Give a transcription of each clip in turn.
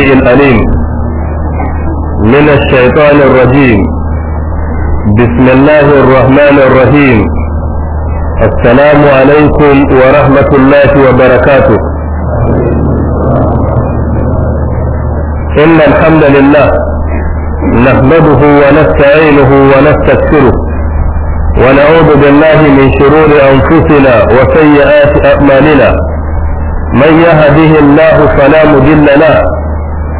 الأليم من الشيطان الرجيم بسم الله الرحمن الرحيم السلام عليكم ورحمة الله وبركاته إن الحمد لله نحمده ونستعينه ونستغفره ونعوذ بالله من شرور أنفسنا وسيئات أعمالنا من يهده الله فلا مضل له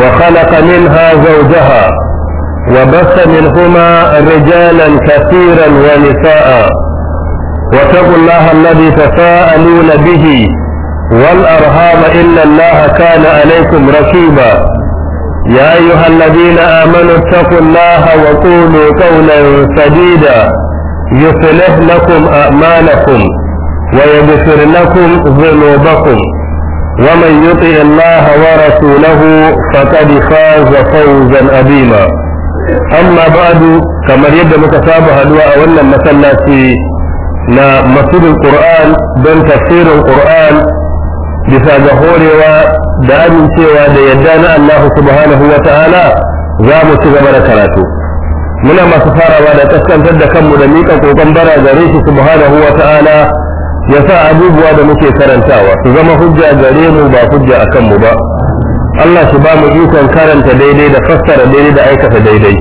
وخلق منها زوجها وبث منهما رجالا كثيرا ونساء واتقوا الله الذي تساءلون به والأرهام إن الله كان عليكم رقيبا يا أيها الذين آمنوا اتقوا الله وقولوا قولا سديدا يصلح لكم أعمالكم ويغفر لكم ذنوبكم ومن يطع الله ورسوله فقد فاز فوزا عظيما أما بعد كما يبدو متسابه دواء ولا masallaci na masurin Qur'an don tafsirin Qur'an bisa ga horewa da amincewa da yadda na allahu subhanahu wa ta'ala za mu ci gaba da karatu muna masu farawa da kaskantar da kanmu da miƙa kokon bara gare shi subhanahu wa ta'ala ya sa abubuwa da muke karantawa su zama hujja gare mu ba hujja a kanmu ba Allah su ba mu ikon karanta daidai da fassara daidai da aikata daidai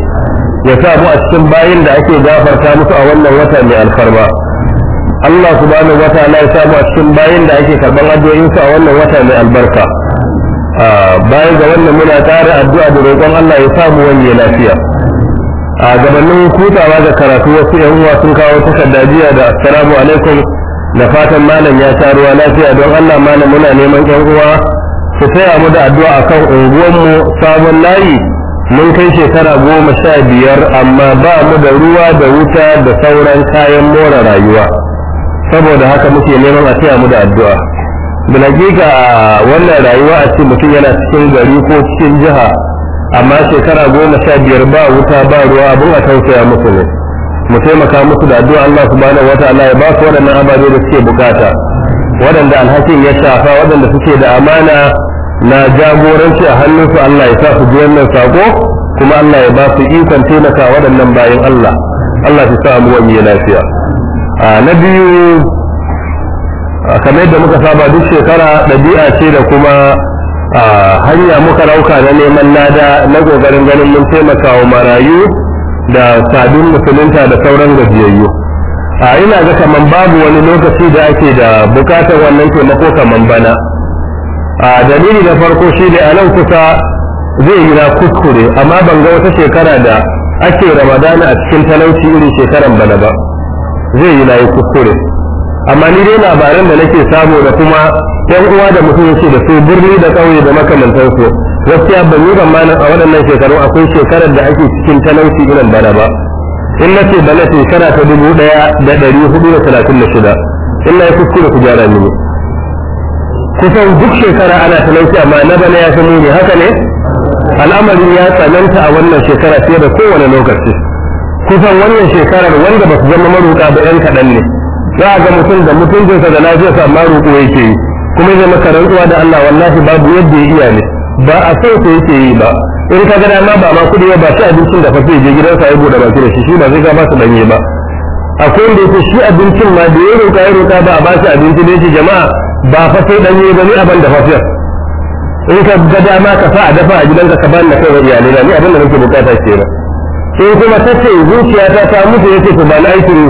ya sa mu a cikin bayin da ake gafarta musu a wannan wata mai alfarma Allah mu wata ta'ala ya sa mu a cikin bayin da ake karban su a wannan wata mai albarka bayan ga wannan muna ƙara addu'a da roƙon Allah ya samu wani lafiya a gabanin kutawa ga karatu wasu yan uwa sun kawo takardajiya da assalamu alaikum da fatan malam ya sha ruwa lafiya don Allah malam muna neman ƴan uwa su taya mu da addu'a akan unguwanmu sabon layi mun kai shekara goma sha biyar amma ba mu da ruwa da wuta da sauran kayan more rayuwa saboda haka muke neman a taya mu da addu'a da ga wannan rayuwa a ce mutum yana cikin gari ko cikin jiha amma shekara goma sha biyar ba wuta ba ruwa abun a tausaya musu ne mu taimaka musu da addu'a Allah subhanahu wataala ya ba su waɗannan ababe da suke bukata waɗanda alhakin ya shafa waɗanda suke da amana na jagoranci a hannunsu Allah ya sa su ji wannan sako kuma Allah ya ba su ikon taimaka waɗannan bayan Allah Allah ya sa mu wani lafiya a na biyu kamar yadda muka saba duk shekara ɗabi'a ce da kuma hanya muka rauka na neman lada na gogarin ganin mun taimaka wa marayu da sabin musulunta da sauran gajiyayyu a ina ga kaman babu wani lokaci da ake da bukatar wannan taimako kaman bana a dalili na farko shi ne a nan kusa zai yi na kuskure amma ban ga wata shekara da ake ramadana a cikin talauci irin shekaran bana ba zai yi na yi kuskure amma ni dai labaran da nake samu da kuma yan uwa da mutum yake da su birni da ƙauye da makamantansu gaskiya ban yi tsammanin a waɗannan shekaru akwai shekarar da ake cikin talauci irin bana ba in na ce bana shekara ta dubu ɗaya da ɗari hudu da talatin da shida in na yi kuskure ku gyara mini kusan duk shekara ana talauci amma na bana ya fi muni haka ne al'amarin ya tsananta a wannan shekara fiye da kowane lokaci kusan wannan shekarar wanda ba su zama maruka ba 'yan kaɗan ne za a ga mutum da mutuncinsa da lafiyarsa amma ya yake yi kuma zai maka rantsuwa da Allah wallahi babu yadda ya iya ne ba a san ko yake yi ba in ka ga dama ba ma kudi ba shi abincin da fafe je gidansa ya bude baki da shi shi ba zai ga ba su danye ba akwai wanda yake shi abincin ma da yaro ka yaro ka ba a ba shi abincin da yake jama'a ba fa sai danye ba ni abin da fafiyar in ka ga dama ka sa a dafa a gidan ka bani da kai wa iyalai na ni abin da nake bukata kenan sai kuma ta ce zuciya ta ta mutu yake ko ba na aikin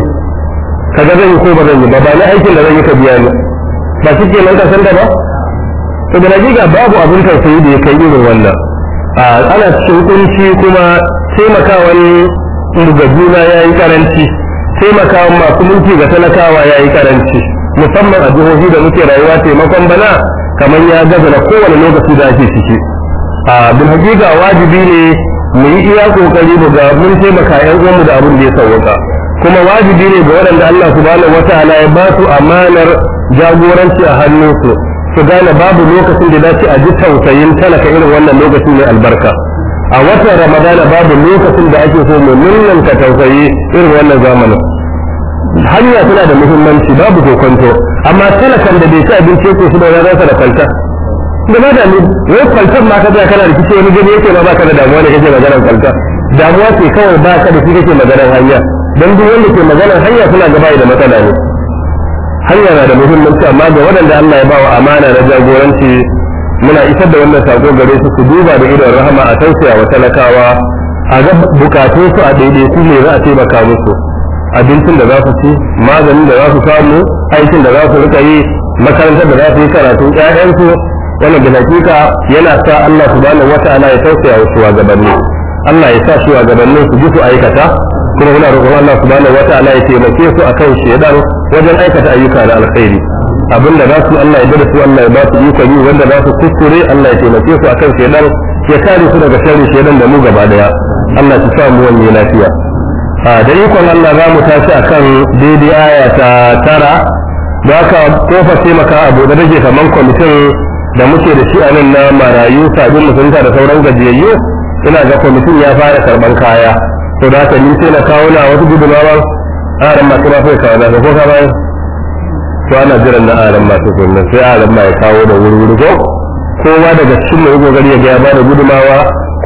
ka ga zan yi ko ba zan yi ba ba na aikin da zan yi ka biya ni ba shi nan ka san da ba to da babu abin tausayi da ya kai irin wannan ana cikin kunci kuma taimakawan rugajuna ya yi karanci taimakawa masu mulki ga talakawa ya yi karanci musamman a jihohi da muke rayuwa taimakon bana kamar ya gaza na kowane lokaci da ake ciki a bin hakika wajibi ne mu yi iya kokari mu ga mun taimaka yan uwanmu da abin da ya sauka kuma wajibi ne ga waɗanda Allah subhanahu wataala ya ba su amanar jagoranci a su. su gane babu lokacin da dace a ji tausayin talaka irin wannan lokacin mai albarka a watan ramadana babu lokacin da ake so mu ka tausayi irin wannan zamanin hanya tana da muhimmanci babu kokonto amma talakan da bai ci abinci ko shi da rasa da kwalta da ma da ni wai kwaltar ma ka tsaya kana rikici wani gani yake ma ba ka da damuwa ne kake maganar kwalta damuwa ce kawai ba ka da shi kake maganar hanya don duk wanda ke maganar hanya suna gaba da matsala ne hanya na da muhimmanci amma ga waɗanda Allah ya wa amana na jagoranci muna isar da wannan sako gare su su duba da idon rahama a tausaya wa talakawa a ga bukatun su a daidai su ne za a taimaka musu abincin da za su ci maganin da za su samu aikin da za su rika yi makarantar da za su yi karatun ƴaƴansu wannan da hakika yana sa Allah subhanahu wata'ala ya tausaya wa shugabanni Allah ya sa shugabanni su ji su aikata kuma muna roƙon Allah subhanahu wataala ya taimake su akan shedan wajen aikata ayyuka na alkhairi abin da za su Allah ya dada su Allah ya ba su ikon yi wanda za su kuskure Allah ya taimake su akan shedan ke kare su daga sharri shedan da mu gaba daya Allah ya sa mu wani lafiya a da ikon Allah za mu tashi akan daidai aya ta tara da aka kofa taimaka abu da rage kaman kwamitin da muke da shi a nan na marayu sabbin musulunta da sauran gajiyayyu ina ga kwamitin ya fara karban kaya to da haka ni na kawo na wasu gudunmawa aran masu ma sai kawo na ko ka bayan to ana jiran na aran masu kunnan sai aran ma ya kawo da wuri-wuri ko kowa daga cikin mai kokari ya gaya ya bada gudunmawa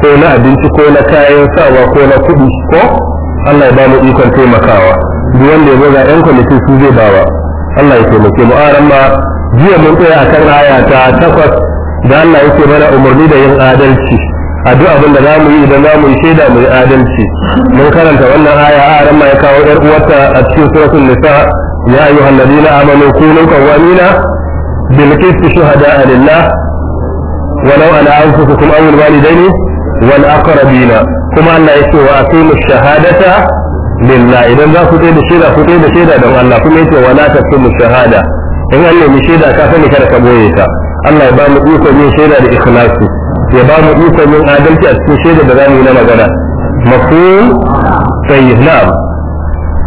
ko na abinci ko na kayan sawa ko na kuɗi ko Allah ya ba mu ikon taimakawa duk wanda ya zo ga yan kwamiti su zai bawa Allah ya taimake mu aran ma jiya mun tsaya akan aya ta takwas da Allah yake mana umarni da yin adalci a abin da zamu yi idan zamu yi shaida mu yi adalci mun karanta wannan aya a ran ya kawo yar uwarta a cikin suratul nisa ya ayyuhan ladina amanu kunu qawamina bil qist shuhada'a lillah walau ala anfusikum aw walidaini wal aqrabina kuma Allah ya ce wa aqimu shahadata lillah idan za ku kai da shaida ku kai da shaida don Allah kuma yace wala tasimu shahada in an nemi shaida ka sani kada ka boye ta Allah ya ba mu iko yin shaida da ikhlasi ya ba mu ikon yin adalci a cikin shaida da za mu yi na magana mafhum tayyib na'am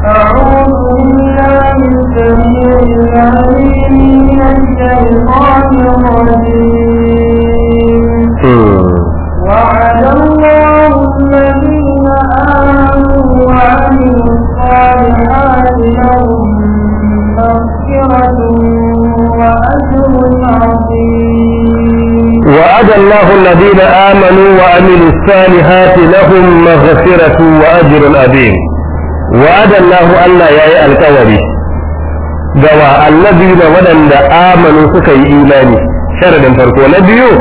أعوذ بالله السميع العليم من الشيطان الرجيم وعد الله الذين آمنوا وعملوا الصالحات لهم مغفرة وأجر عظيم وعد الله الذين آمنوا وعملوا الصالحات لهم مغفرة وأجر عظيم وعد الله ألا يأي الكوري دواء الذين ودن آمنوا سكي إيماني شردا فرقوا نبيو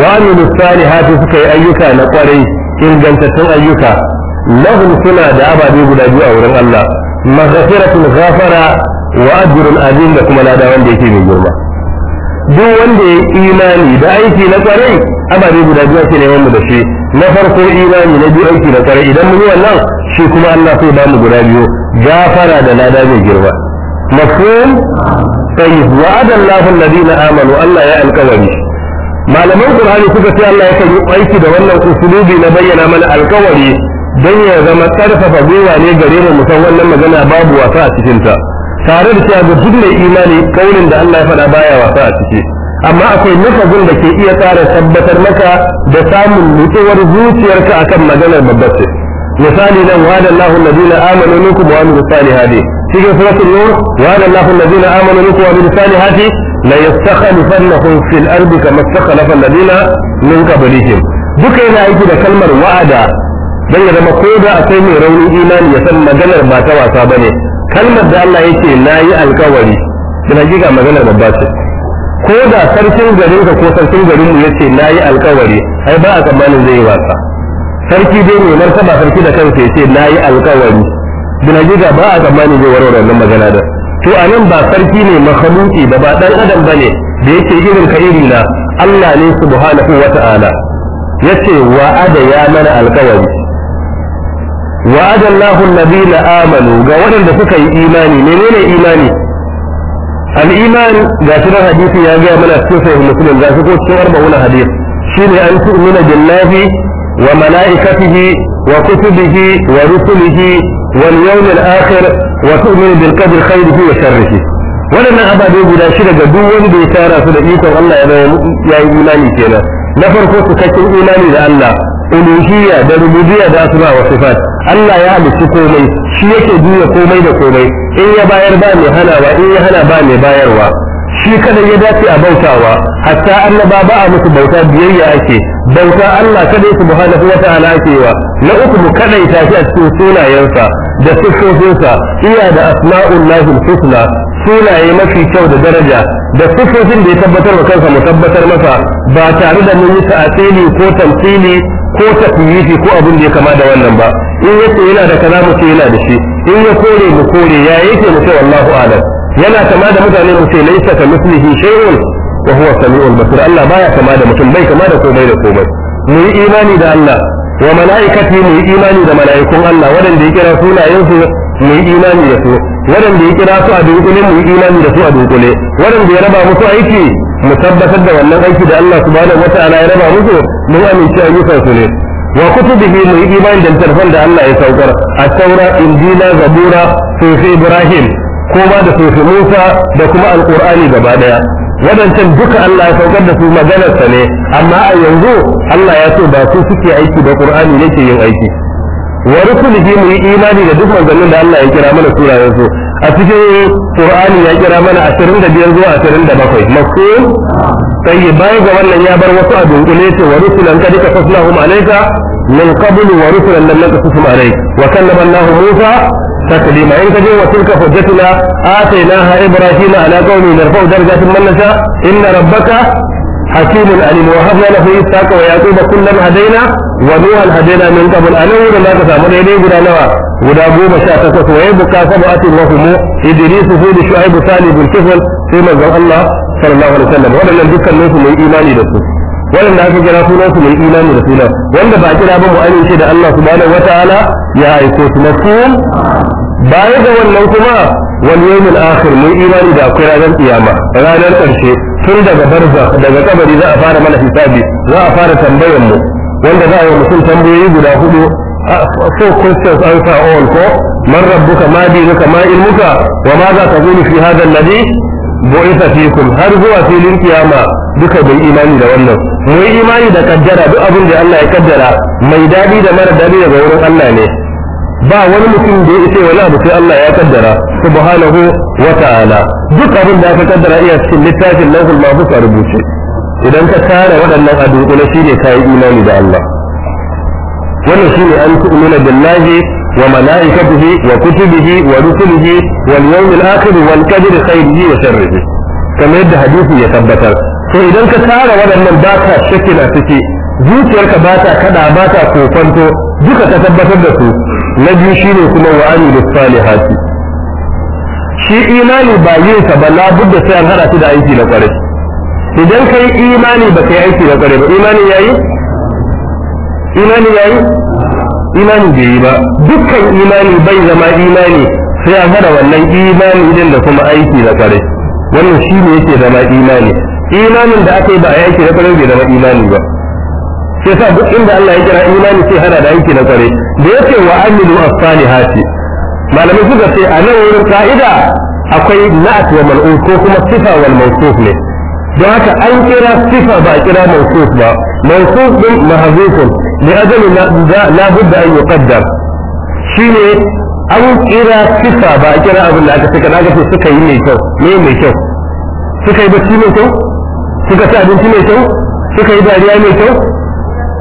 وعملوا الصالحات سكي أيكا نقري إن جنتتم أيكا لهم سنة دعبا دي بلادي أورا الله مغفرة غفرة وأجر عظيم لكم لا دعوان ديكي من جرمه duk wanda ya imani da aiki na kwarai abari guda biyu ake neman mu da shi na farko imani na biyu aiki na kwarai idan mun yi wannan shi kuma Allah sai ba mu guda biyu gafara da lada mai girma mafhum sai wa'ada Allahu alladhina amanu Allah ya alƙawari malaman Qur'ani suka ce Allah ya yi aiki da wannan usulubi na bayyana mana alkawari dan ya zama karfafa gowa ne gare mu musan wannan magana babu wasa a cikin ta tare da cewa duk mai imani kaulin da Allah ya faɗa baya wasa a ciki amma akwai lafazin da ke iya tsara tabbatar maka da samun nutsuwar zuciyarka akan maganar babbar misali nan wa da Allahu alladhina amanu minkum wa amilu salihati cikin suratul nur wa da Allahu alladhina amanu minkum wa amilu salihati la yastakhlifannahum fil ardi kama istakhlafa alladhina min qablihim duka yana aiki da kalmar wa'ada dan ya zama ko da akwai mai raunin imani ya san maganar ba ta wasa bane kalmar da Allah yake na yi alkawari da giga maganar babba ce ko da sarkin garin ka ko sarkin garin mu yace na yi alkawari ai ba a tsammanin zai yi wasa sarki dai mai martaba sarki da kansa yace na yi alkawari da giga ba a tsammanin zai warware wannan magana da to anan ba sarki ne mahaluki ba ba dan adam bane da yake irin ka iri na Allah ne subhanahu wata'ala yace wa'ada ya mana alkawari وعد الله الذين آمنوا قولا لفك إيماني منين إيماني الإيمان قاتل حديث يا جاء من أسكسه المسلم ذا سكوت شعر بولا حديث شين أن تؤمن بالله وملائكته وكتبه ورسله واليوم الآخر وتؤمن بالقدر خيره وشره ولنا أبدا بلا شرك دون بيتارا سلئيكم الله يا إيماني كنا نفرقوا سكتوا إيماني لأن ألوهية دا ربوبية دا أسماء وصفات Allah ya halicci komai shi yake juya komai da komai in ya bayar ba mai hanawa in ya hana ba mai bayarwa shi kada ya dace a bautawa hatta Allah ba a musu bauta biyayya ake bauta Allah kada su mu wa ta'ala ake wa na uku mu kada ita shi a cikin sunayensa da sifofinsa iya da asma'ullahi husna sunaye mafi kyau da daraja da sifofin da ya tabbatar wa kansa mu tabbatar masa ba tare da mun yi ta'atili ko tamsili ko takyifi ko abin da ya kama da wannan ba in yace yana da kaza mu ce yana da shi in ya kore mu kore ya yake mu ce wallahu alam yana kama da mutane mu ce laisa ka mislihi shay'un wa huwa samiul basir Allah baya kama da mutum bai kama da komai da komai mu yi imani da Allah wa mala'ikati mu yi imani da mala'ikun Allah waɗanda ya kira su mu yi imani da su waɗanda ya kira su a dunkule mu yi imani da su a dunkule waɗanda ya raba musu aiki mu tabbatar da wannan aiki da Allah subhanahu wata'ala ya raba musu mun amince ayyukan su ne wa kutubihi mu yi imani da tarfan da Allah ya saukar at-taura injila zabura sufi ibrahim kuma da sufi musa da kuma alkur'ani gaba wadancan duka Allah ya saukar da su maganarsa ne amma a yanzu Allah ya so ba su suke aiki da qur'ani yake yin aiki wa rusulihi mu yi imani da duk manzannin da Allah ya kira mana surayen su a cikin qur'ani ya kira mana 25 zuwa 27 mafhum sai bayan ga wannan ya bar wasu a dunkule ce wa rusulan kadika faslahum alayka من قبل ورسلا لم نقصصهم عليه وكلم الله موسى تكليما إن كجي وتلك حجتنا آتيناها إبراهيم على قومه نرفع درجات من نشاء إن ربك حكيم عليم وهبنا له إسحاق ويعقوب كلا هدينا ونوحا هدينا من قبل أن نور ما كسامر إليه غدا نوى غدا قوم شاء تكوت ويبقى سبعة وهم إدريس هود شعيب ثاني بن كفل في مزرع الله صلى الله عليه وسلم ولم يذكر منهم من إيماني لكم waɗanda aka kira sunan su mai imani da sunan wanda ba kira ba mu amince da Allah subhanahu wataala ya aiko su mafhum baya ga wannan kuma wal yawmil akhir mun imani da akwai ranar kiyama ranar karshe tun daga barza daga kabari za a fara mana hisabi za a fara tambayar mu wanda za a yi mutum tambayoyi guda hudu four questions answer all ko man rabbuka ma dinuka ma ilmuka wa ma za ka fi hadha alladhi bu'ita fikum har zuwa filin kiyama duka bai imani da wannan mu yi imani da kaddara duk abin da Allah ya kaddara mai dadi da mara dadi daga wurin Allah ne ba wani mutum da ya ce wani abu sai Allah ya kaddara subhanahu wa ta'ala duk abin da aka kaddara iya cikin littafin lahul mahfuz a rubuce idan ka tara waɗannan a na shine kai imani da Allah wannan shine an tu'minu billahi وملائكته وكتبه ورسله واليوم الآخر والقدر خيره وشره كما يد حديث يثبت فإذا كتار ka باتا شكل أتكي zuciyarka ba ta باتا ba ta kofanto duka ka tabbatar da su na biyu kuma wa amilu salihati shi imani ba yin sa ba labudda sai an hada shi da aiki na kwarai idan kai imani ba kai aiki na ba imani yi? imani yi? imani bai yi ba dukkan imani bai zama imani sai a gada wannan imani idan da kuma aiki da kare wannan shi ne yake zama imani imanin da aka yi ba a yanki da kare bai zama imani ba sai sa duk inda Allah ya kira imani sai hada da aiki na kare da yake wa amilu as hati malamai suka ce a nan wurin ka'ida akwai na'at wa mal'un ko kuma sifa wal mawsuf ne don haka an kira sifa ba a kira mawsuf ba mawsuf din mahzufun لأجل لا بد أن يقدر شيء an kira kisa ba a kira abin da aka suka na gafe suka yi mai kyau me yi bacci mai kyau suka ci abinci mai kyau suka yi dariya mai kyau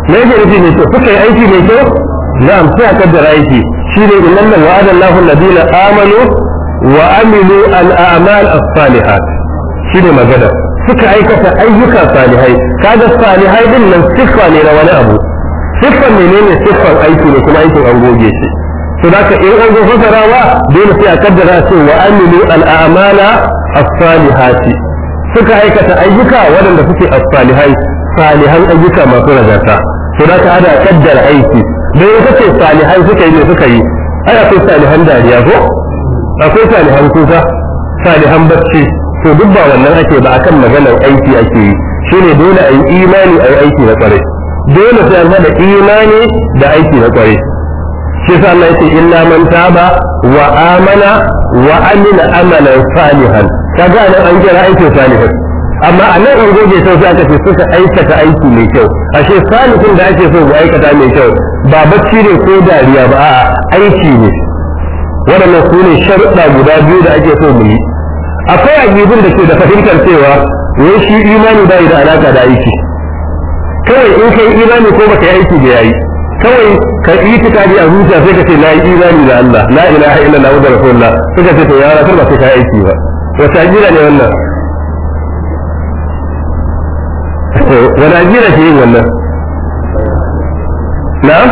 me yake nufi kyau suka yi aiki mai kyau na'am sai a kaddara aiki shi ne innan nan wa'ada Allahu alladhina amanu wa amilu al-a'mal as-salihat shi ne magana suka aikata ayyuka salihai kaga din nan ne na wani abu siffan menene siffan aiki ne kuma aikin an goge shi to da ka in an zo fasarawa dole sai a kaddara ce wa amilu a'mala as-salihati suka aikata ayyuka waɗanda suke as-salihai salihan ayyuka masu rajata to da ka ada kaddara aiki dan in kace salihan suka yi ne suka yi ai akwai salihan dariya ko akwai salihan kusa salihan bacci to duk ba wannan ake ba akan maganar aiki ake yi shine dole a yi imani a yi aiki na kwarai dole sai an hada imani da aiki na kwarai shi yasa Allah yake illa man taba wa amana wa amila amalan salihan kaga nan an kira aikin salihan amma a nan an goge sau sai aka ce suka aikata aiki mai kyau ashe salihin da ake so ga aikata mai kyau ba bacci ne ko dariya ba a'a aiki ne waɗannan su ne sharuɗa guda biyu da ake so mu yi akwai abubuwan da ke da fahimtar cewa wai shi imani bai da alaka da aiki kawai in kai imani ko baka yi aiki da yayi kawai ka yi tikadi a zuciya sai ka ce na yi imani da Allah la ilaha illallah wa rasulullah sai ka ce to ya rasul ba sai ka yi aiki ba wata ajira ne wannan wata ajira ke yin wannan na'am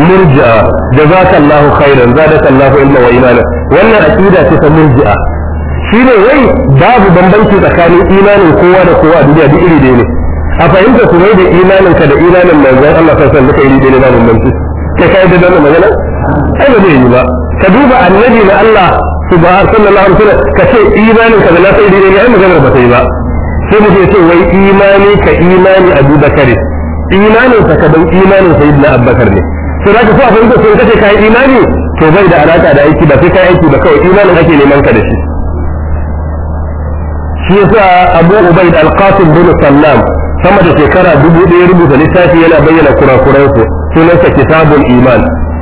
murji'a jazakallahu khairan zadakallahu ilma wa imana wannan aqida ce ta murji'a shine wai babu bambanci tsakanin imanin kowa da kowa a duniya duk iri ne a fahimta su mai da imanin ka da imanin manzon Allah sallallahu alaihi kai duka iri ɗaya ne ba bambanci kai kai da wannan magana ai ba zai yi ba ka duba annabi na Allah subhanahu sallallahu alaihi wasallam ka ce imanin ka da na sai iri ne ai maganar ba sai ba sai mutum ce wai imani ka imani Abu Bakar imanin ka dan imanin sayyidina Abubakar ne sai zaka so a fahimta sai kace kai imani to bai da alaka da aiki ba sai kai aiki ba kawai imanin ake neman ka da shi shi yasa Abu Ubaid Al-Qasim bin Sallam sama da shekara dubu ɗaya rubuta littafi yana bayyana kurakuransu sunansa kitabul iman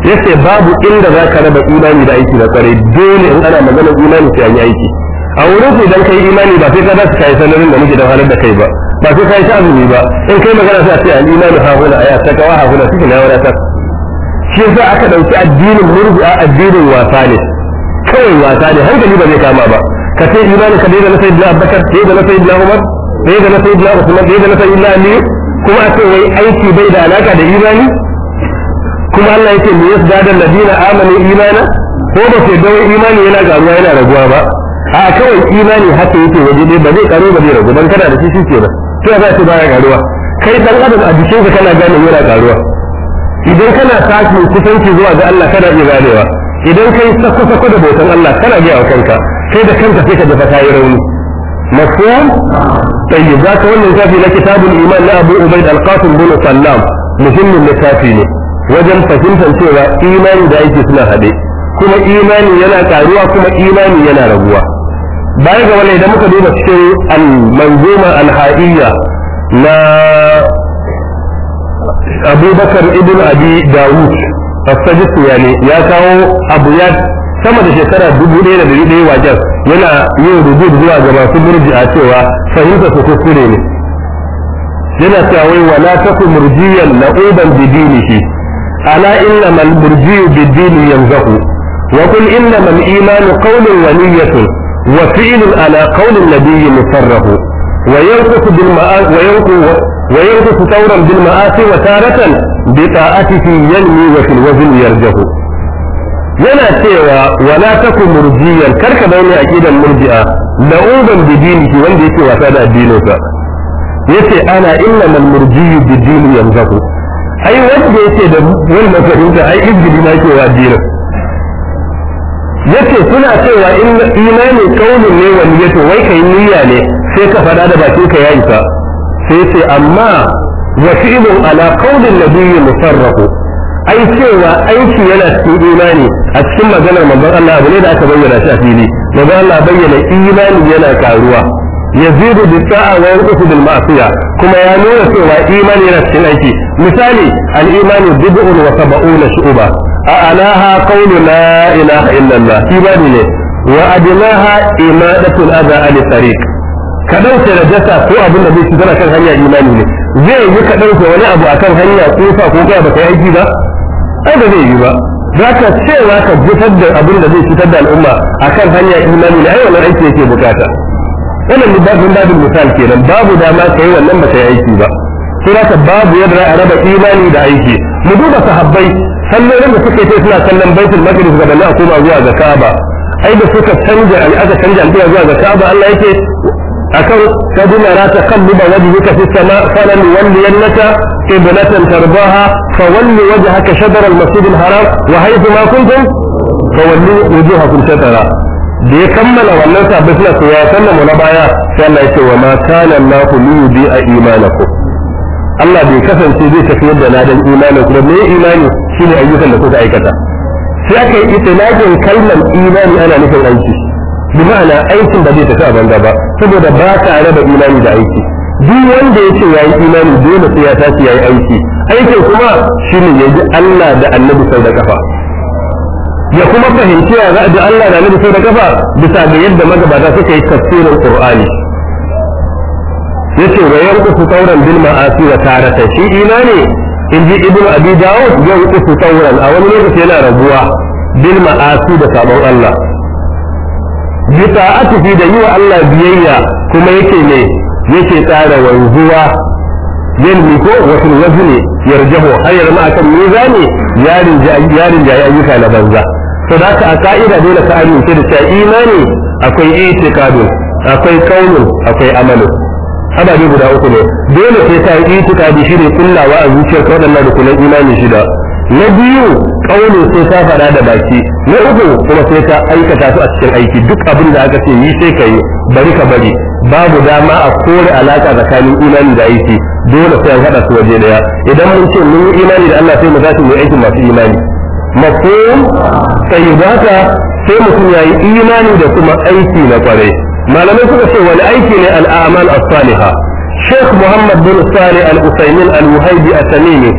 yace babu inda za ka raba imani da aiki da tsare dole in ana maganar imani sai an yi aiki a wurin su idan kai imani ba sai ka za su kai sanarin da muke da halar da kai ba ba sai kai azumi ba in kai magana sai a ce al'imani imanu ha huna aya ta kawa ha huna suke na wani ta shi yasa aka dauki addinin murji a addinin wasa ne kawai wasa ne hankali ba zai kama ba ka ce imani ka daina na sayyidina abubakar sai da na sayyidina umar da yadda na sayyidina Usman da yadda na sayyidina Ali kuma a ce wai aiki bai da alaka da imani kuma Allah yake ne da ladina amanu imana ko ba ce dawai imani yana ruwa yana raguwa ba a kawai imani haka yake waje ne ba zai karo ba zai ragu dan kana da shi shi kenan to ya ce baya garuwa kai dan adam a jikin ka kana gane yana garuwa idan kana sashi kusanci zuwa ga Allah kana iya ganewa idan kai sako sako da botan Allah kana ga kanka kai da kanka sai ka dafa tayi rauni مفهوم طيب ذاك ولا يكافي لكتاب الإيمان لأبو عبيد القاسم بن سلام مهم لكافي wajen fahimtar cewa imani da aiki suna haɗe kuma imani yana ƙaruwa kuma imani yana raguwa baya ga wannan idan muka duba cikin al-manzuma al-ha'iyya na abubakar ibn abi dawud as-sajistiyani ya kawo abu ya sama da shekara dubu ɗaya da ɗari ɗaya wajen yana yin rujud zuwa ga masu murji a cewa fahimta su kuskure ne yana cewa wai wala taku murjiyan na'uban shi ala inna mal murjiyu bidini yanzahu wa qul inna mal imanu qawlun wa niyyatun wa fi'lun ala qawlin nabiyyi musarrahu wa yanqutu bil ma'az wa yanqutu ويربط ثورا بالمآسي وتارة بطاعته ينمي وفي الوزن yarjahu yana cewa wala taku murjiyan karka bai ne aqidan murji'a la'uban bi dinihi wanda yake wasa da addininsa yace ana inna man murjiyu bi dini yanzaku ai wanda yake da wannan fahimta ai izgidi na ke wa addinin yace suna cewa in imani kaulin ne wani yace wai kai niyya ne sai ka fada da bakin ka yayi ka sai ce amma wa fi'lun ala qaulin nabiyyi musarrafu ai cewa aiki yana cikin imani a cikin maganar manzon Allah abu ne da aka bayyana shi a fili manzon Allah bayyana imani yana karuwa yazidu bi sa'a wa yanqusu bil ma'siya kuma ya nuna cewa imani yana cikin aiki misali al imani bid'un wa sab'una shu'ba a alaha qawlu la ilaha illallah imani ne wa adnaha imadatul adha al tariq kadan ce da jasa ko abin da zai ci kan hanya imani ne zai yi kadan ce wani abu akan hanya tsufa ko ga ba kai aiki ba ai ba zai yi ba za ka cewa ka gusar da abin da zai fitar da al'umma akan hanya imani na ai wannan aiki yake bukata wannan babin babin misal kenan babu dama ka yi wannan ba ka yi aiki ba sai za ka babu yadda a raba imani da aiki mu duba sahabbai sallolin da suka yi suna sallan baitul maqdis gabanin a koma zuwa ga ka'aba ai da suka canja ai aka canja alƙiya zuwa ga Ka'aba Allah yake akan kaduna ra ta kan buba wajen yi fi sama falan wanda yannata qiblatan tarbaha fa walli waje haka al-masjid al-haram wa haythu ma kuntum fa walli wujuhakum shatara da ya kammala wannan sabbin suna so ya mu na baya sai Allah ya ce wa ma kana Allahu li a imanaku. Allah bai kasance zai tafi yadda na dan imanin kuma me imani shine ayyukan da kuka aikata sai aka yi itilajin kalmar imani ana nufin aiki bi na aikin ba zai tafi a banza ba saboda ba ta raba imani da aiki duk wanda ya ce ya yi imani dole sai ya tashi ya yi aiki aikin kuma ne ya ji Allah da annabi sau da kafa ya kuma fahimci ya za a ji Allah da annabi sau da kafa bisa ga yadda magabata suka yi tafsirin Qur'ani yace wa yanqusu tawran bil ma'asi wa tarata shi imani in ji ibn abi dawud yanqusu tawran a wani lokaci yana raguwa bil ma'asi da sabon Allah bi ta'atihi da yi wa Allah biyayya kuma yake ne yake tsara wanzuwa yin ko wasu ne yarjahu har yarma akan ne yarin yarin jayi ayyuka na banza to da ka a ka'ida dole ka amince da cewa imani akwai itikadun akwai kaunun akwai amalin ababe guda uku ne dole sai ta yi itikadi shi ne kullawa a zuciyar da rukunan imani shida na biyu kauli sai ka faɗa da baki na uku kuma sai ka aikata su a cikin aiki duk abin da aka ce yi sai ka yi bari ka bari babu dama a kore alaka tsakanin imani da aiki dole sai an haɗa su waje daya idan mun ce mun yi imani da Allah sai mu tashi mu aiki masu imani mafhum sai zaka sai mutum yayi imani da kuma aiki na kwarai malamai suka ce wani aiki ne al-a'mal as-salihah Sheikh Muhammad bin Sani Al-Usaimin al a At-Tamimi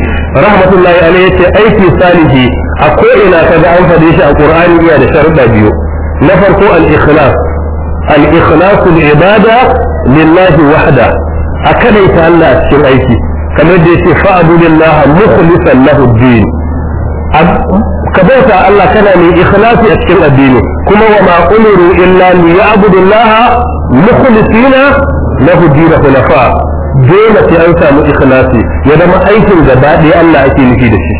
rahmatullahi alaihi yace aiki salihi a ko ina ga an fade shi a Qur'ani iya da sharuɗa biyu na farko al-ikhlas al-ikhlas al-ibada lillahi wahda a kadaita Allah a cikin aiki kamar da yace fa'budillaha mukhlishan lahu din ka bauta Allah kana mai ikhlasi a cikin addini kuma wa ma umiru illa liya'budullaha mukhlisina lahu dina hulafa dole sai an samu ikhlasi ya zama aikin gaba ɗaya Allah ake nufi da shi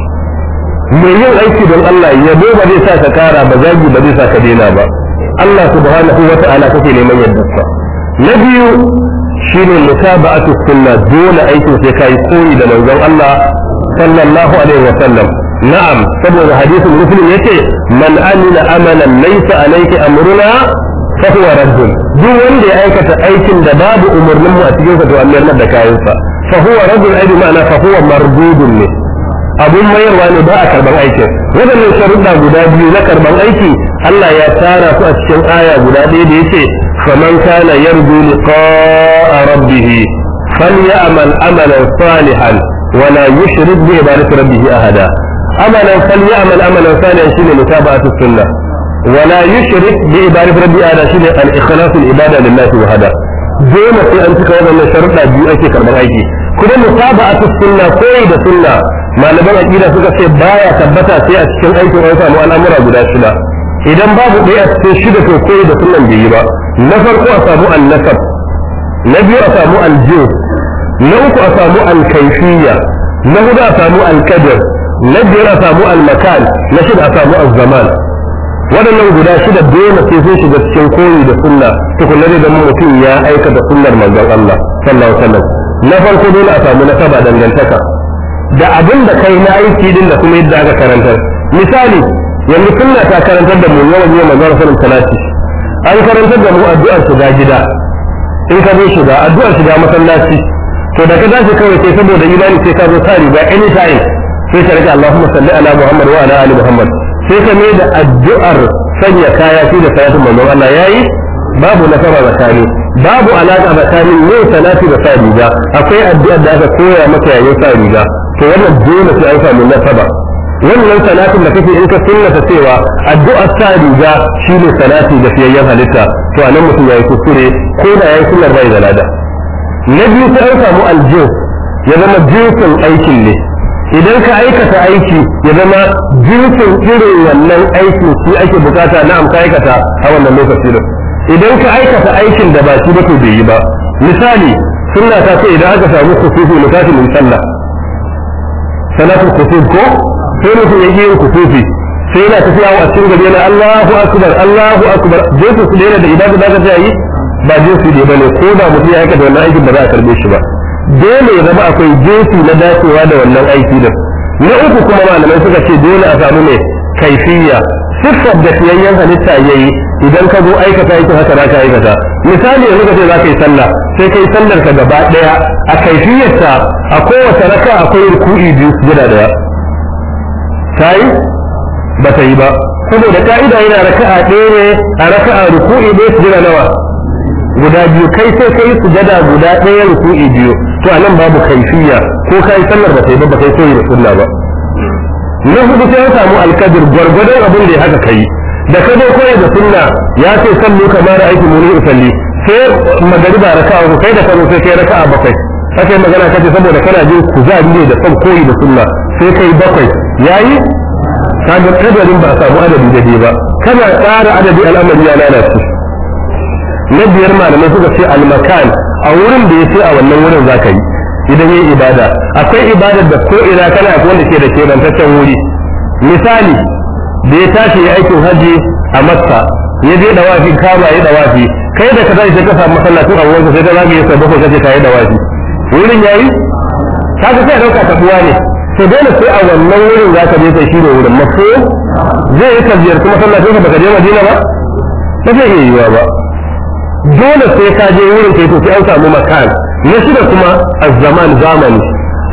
mai yin aiki don Allah ya yabo ba zai sa ka kara ba zagi ba zai sa ka daina ba Allah subhanahu wa ta'ala kake neman yardarsa na biyu shine mutaba'atu sunna dole aikin sai kai koyi da manzon Allah sallallahu alaihi wa sallam na'am saboda hadisin muslim ce man amila amalan laysa a amruna fahuwa rabbun duk wanda ya aikata aikin da babu umarnin mu a cikin sa a an mayar da kayansa fahuwa rabbun ai ma'ana fahuwa mardudun ne abun mayarwa ne ba karban aikin wadannan sharuɗa guda biyu na karban aiki Allah ya tara su a cikin aya guda ɗaya da yace faman kana yarju liqa'a rabbih falyamal amalan salihan wala yushrik amalan amalan shine ولا يشرك بعبادة ربي أنا شيء الإخلاص العبادة لله وحده دون في أن تكون من شرط أبي أشي كربان أيكي كل متابعة السنة قيد السنة ما لبن أجينا سكا سيبايا ثبتا سيئة كم أيكي ويسا مؤن أمر أبو داشنا إذن باب إيه السنة في قيد السنة بيبا نفر أسامو النسب نبي أسامو الجنس نوك أسامو الكيفية نهد أسامو الكدر نبي أسامو المكان نشد أسامو الزمان waɗannan guda shida dole sai sun shiga cikin koyi da sunna tukunna da dan mutum ya aika da sunnar manzon Allah sallallahu alaihi wasallam na farko dole a samu nasaba dangantaka da abin da kai na aiki din da kuma yadda aka karantar misali yanzu sunna ta karantar da mu yawan yawan manzon sallallahu alaihi wasallam an karantar da mu addu'ar shiga gida in ka zo shiga addu'ar shiga masallaci to da ka dace kawai sai saboda imani sai ka zo sa riga anytime sai ka rika Allahumma salli ala Muhammad wa ala ali Muhammad sai ka da addu'ar sanya kaya shi da salatin manzon Allah yayi babu nasara tsakani babu alaka tsakanin yin salati da sa riga akwai addu'ar da aka koya maka yayin sa riga to wannan dole sai an samu nasaba wannan salatin da kake in ka sunnata cewa addu'ar sa riga shine salati da fiyayyen halitta to anan mutum yayi kuskure ko da yayi sunnar bai da lada na biyu sai an samu aljins ya zama jinsin aikin ne idan ka aikata aiki ya zama jinsin irin wannan aikin shi ake bukata na amka aikata a wannan lokaci da idan ka aikata aikin da ba shi ba to bai yi ba misali sunna ta ce idan aka samu kusufi misali mun sallah salatul kusuf ko sai mutum ya yi kusufi sai yana tafiya a cikin gari yana Allahu akbar Allahu akbar jinsin su daina da idan da ka yi ba jinsi ne bane ko da mutum ya aikata wannan aikin ba za a karbe shi ba dole ya zama akwai jinsi na dacewa da wannan aiki da na uku kuma malamai suka ce dole a samu ne kaifiyya siffar da fiyayyen halitta ya yi idan ka zo aikata aikin haka za ka aikata misali yanzu ka ce za ka yi sallah sai ka yi sallar ka gaba daya a kaifiyarta a kowace raka akwai ruku'i biyu sujada daya ta yi ba ta yi ba saboda ka'ida yana raka'a ɗaya ne a raka'a ruku'i ɗaya sujada nawa guda biyu kai sai kai jada guda ɗaya ruku'i biyu to anan babu kaifiya ko kai sallar ba kai ba kai koyi da sunna ba na hudu sai ya samu alkadir gwargwadon abin da ya haka kai da ka dai koyi da sunna ya ce sallu kamar aiki muni usalli sai ba raka'a ko kai da karo sai kai raka'a bakwai kake magana kace saboda kana jin kuzari ne da son koyi da sunna sai kai bakwai yayi kaga kadarin ba a samu adadi da ba kana tsara adadi al'amari ya lalace na biyar malamai suka ce almakan a wurin da ya ce a wannan wurin za ka yi idan yi ibada akwai ibadar da ko ina kana akwai wanda ke da ke kebantaccen wuri misali da ya tashi ya aikin haji a makka ya je da wafi kama ya da wafi kai da ka zai sai ka samu masallacin a wurin sai ka zagaye sai bakwai kace ka yi da wafi wurin yayi kaga sai dauka tabuwa ne to dole sai a wannan wurin za ka je kai shine wurin mafi zai yi ka kuma masallacin ka baka je Madina ba ba zai iya yiwa ba dole sai ka je wurin kai to sai an samu makan shi da kuma a zaman zamani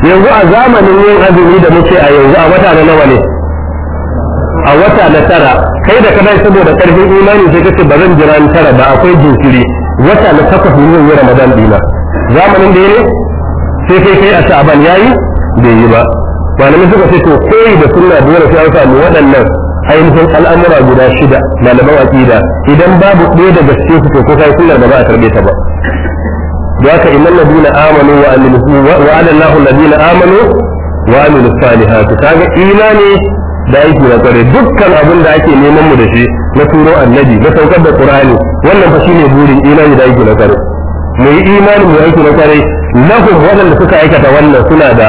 yanzu a zamanin yin azumi da muke a yanzu a wata na nawa ne a wata na tara kai da kana saboda karfin imani sai kace ba zan jira ni tara ba akwai jinkiri wata na takwas ne zan ramadan dina zamanin da yake sai kai kai a sha'aban yayi bai yi ba malamai suka ce to kai da sunna dole sai an samu waɗannan ainihin al'amura guda shida malaman aqida idan babu ɗaya daga cikin su ko kai sunnar da ba a karbe ta ba da haka innal ladina amanu wa amilu wa ala allahu ladina amanu wa amilu salihati kaga imani da aiki na kare dukkan abin da ake neman mu da shi na turo annabi na saukar da qur'ani wannan fa shine burin imani da aiki na kare. mu yi imani mu aiki na kware lahum wadanda suka aikata wannan suna da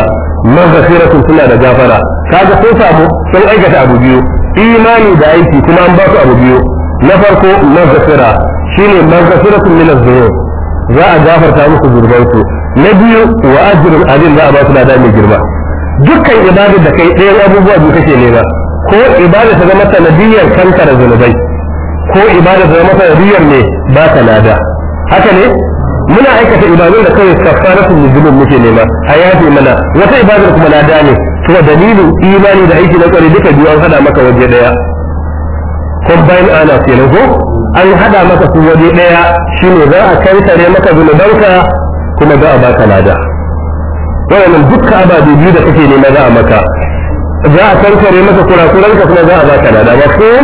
maghfiratun suna da gafara kaga sun samu sun aikata abu biyu imani da aiki kuma an ba su abu biyu na farko mazafira shine mazafiratun min az-zunub za a gafarta musu zurbansu na biyu wa ajrun abin za a ba su lada mai girma dukkan ibadar da kai ɗayan abubuwa biyu kake nema ko ibada ta zama sanadiyar kankara zunubai ko ibada ta zama sanadiyar ne ba ta lada haka ne muna aikata ibadun da kawai kafaratu zunub muke nema a yafi mana wata ibadar kuma lada ne to dalilin imani da aiki na kwari duka biyu an hada maka waje daya combine ana kenan ko an hada maka su waje daya shine za a kai tare maka zunubanka kuma za a baka lada wannan dukka ababe biyu da kake nema za a maka za a kankare maka kurakuranka kuma za a baka lada mafhum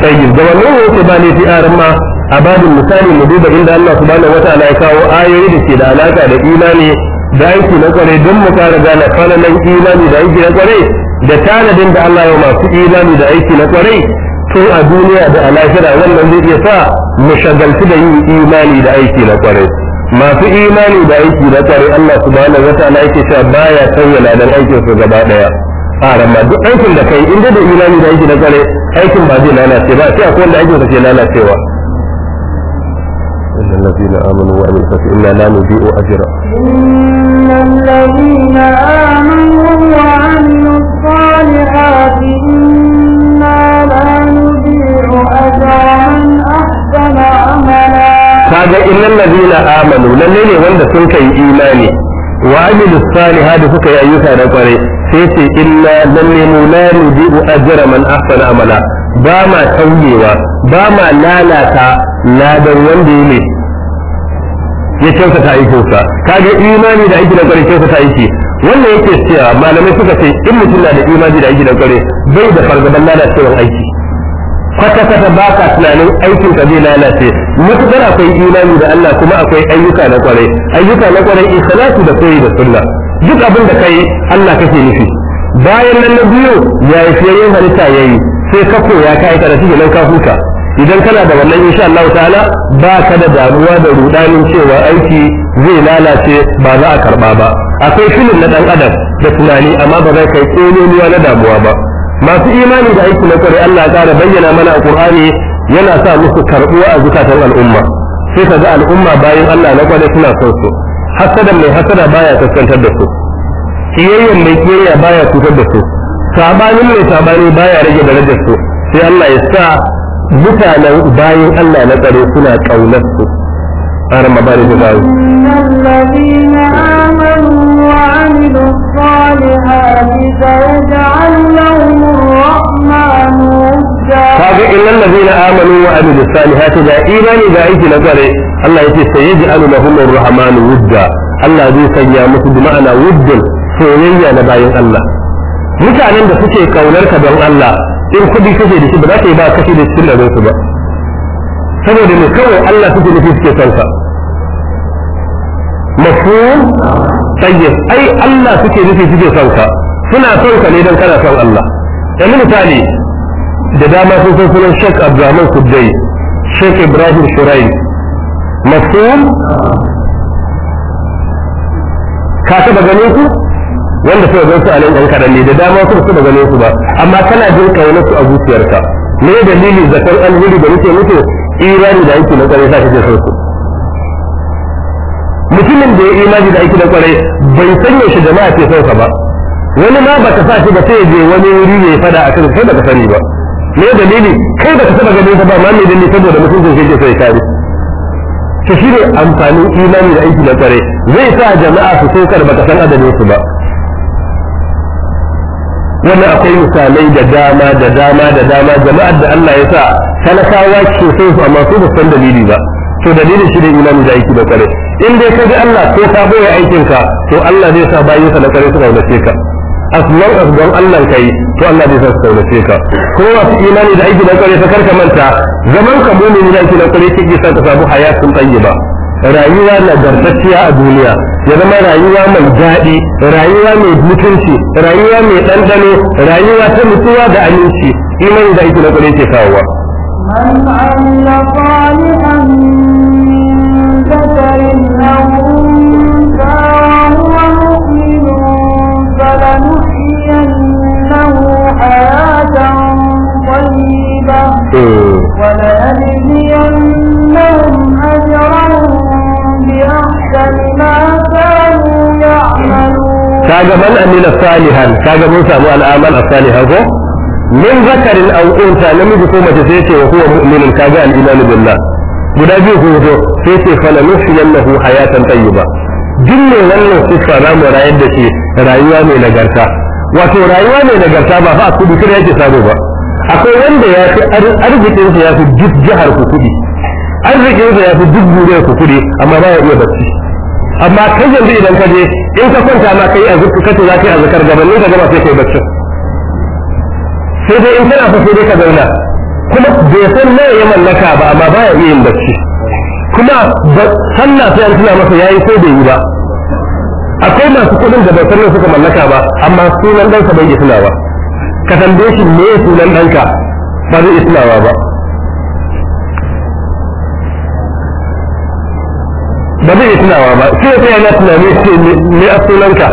tayyib da wannan yake ba ne fi arma a babin misali mu duba inda Allah subhanahu wataala ya kawo ayoyi da ke da alaka da imani da aiki na kware don mu fara gane falalan imani da aiki na kware da tanadin da Allah ya masu imani da aiki na kware tun a duniya da a wannan zai iya sa mu shagaltu da yin imani da aiki na kware masu imani da aiki na kware Allah subhanahu wataala yake cewa baya sauya ladan aikin su gaba daya a ramma duk aikin da kai inda da imani da aiki na kware aikin ba zai lalace ba sai akwai wanda aikin sa ke lalacewa إن الذين آمنوا وعملوا الصالحات لا نضيع أجرا الذين آمنوا وعملوا الصالحات إنا لا نضيع أجر من أحسن عملا kaga innal ladina amanu lalle ne wanda sun kai imani wa amilu salihati suka yi ayyuka da kware sai ce inna lalle mu la nudiu ajra man ahsana amala ba ma tauyewa ba ma lalata ladan wanda ya ya ka aikinsa ga imani da aiki na kyauta ta aiki wannan yake cewa malamai suka ce in mutum na da imani da aiki da bai da fargaban lalacewar aiki kwata kwata ba ka tunanin aikin ka zai lalace mutukar akwai imani da Allah kuma akwai ayyuka na kwarai ayyuka na kwarai ikhlasu da koyi da sunna duk abin da kai Allah kake nufi bayan nan na biyu ya yi fiye yin halitta yi sai ka koya ka da karatu nan ka huta idan kana da wannan insha Allah ta'ala ba ka da damuwa da rudanin cewa aiki zai lalace ba za a karba ba akwai filin na dan adam da tunani amma ba zai kai tsololuwa na damuwa ba masu imani da aiki na kare Allah ta bayyana mana a Qur'ani yana sa musu karbuwa a zukatan al'umma sai ka ga al'umma bayan Allah na kwale suna son su hasada mai hasada baya kaskantar da su kiyayyen mai kiyayya baya cutar da su sabanin mai sabani baya rage darajar su sai Allah ya sa mutanen bayan Allah na tsare suna ƙaunar su a ramabani da bayan kaga illal ladina amanu wa amilu salihati da imani da aiki na tsare Allah ya yace sayaj'alu lahum ar-rahmanu wudda Allah zai sanya musu bi ma'ana wuddin soyayya na bayan Allah mutanen da suke kaunar ka don Allah in kudi kake da shi ba za ka yi ba kashi da cikin da ba saboda ne kawai Allah suke nufi suke son sa mafhum tayyib ai Allah suke nufi suke son sa suna son ka ne dan kana son Allah ta misali da dama sun san sunan Sheikh Abdulrahman Kuddai Sheikh Ibrahim Shuraim mafhum ka taba ganin ku wanda suka gan su a nan ɗan kaɗan ne da dama su su daga su ba amma kana jin kauna su a zuciyarka me dalili zakar alheri da nake mutu imani da aiki na kwarai sa kake so su mutumin da ya imani da aiki na kwarai bai san shi jama'a ke son sa ba wani ma baka sa shi ba sai je wani wuri ne fada kan kai baka sani ba me dalili kai baka saba ganin sa ba ma me dalili saboda mutum zai je so ya kare to shi ne amfanin imani da aiki na kware zai sa jama'a su so kar baka san adadin su ba wani akwai misalai da dama da dama da dama jama'ar da Allah ya sa talakawa ke sai su amma su san dalili ba to dalilin shi ne imani da aiki da kare in dai ka ga Allah ko ka boye aikin ka to Allah zai sa bayin sa da kare su kaunace ka as long as don Allah kai to Allah zai sa su kaunace ka ko wasu imani da aiki da kare ta karka manta zaman ka mu mu'mini da aiki da kare kike sa ka samu hayatun tayyiba rayuwa nagartacciya a duniya ya zama rayuwa mai daɗi rayuwa mai mutunci rayuwa mai ɗanɗano rayuwa ta mutuwa da aminci imani da ake na ke kawowa من حياة طيبة kaga man amila salihan kaga mun samu al'amal salihan ko min zakarin aw unta namiji ko mace sai ce wa huwa mu'minun kaga al-iman billah guda biyu ko to sai ce fa lanuhyiyannahu hayatan tayyiba duk ne wannan sifa na mu rayar da shi rayuwa mai nagarta wato rayuwa mai nagarta ba fa kudi kira yake sabo ba akwai wanda ya fi arzikin sa ya fi duk jihar ku kudi arzikin sa ya fi duk duniyar ku kudi amma ba ya iya bacci amma kai yanzu idan ka je in ka kwanta ma kai a zuku kace za ka yi azkar gabanin ka gaba sai kai bacci sai dai in kana so dai ka zauna kuma bai san me ya mallaka ba amma baya iya yin bacci kuma sallah sai an tuna masa yayi sai bai yi ba akwai masu kuɗin da bai san suka mallaka ba amma sunan ɗansa bai yi tunawa ka tambaye shi me sunan ɗanka ba zai yi tunawa ba ba zai tunawa ba shi ya tsaya na tunani ce me a sunanka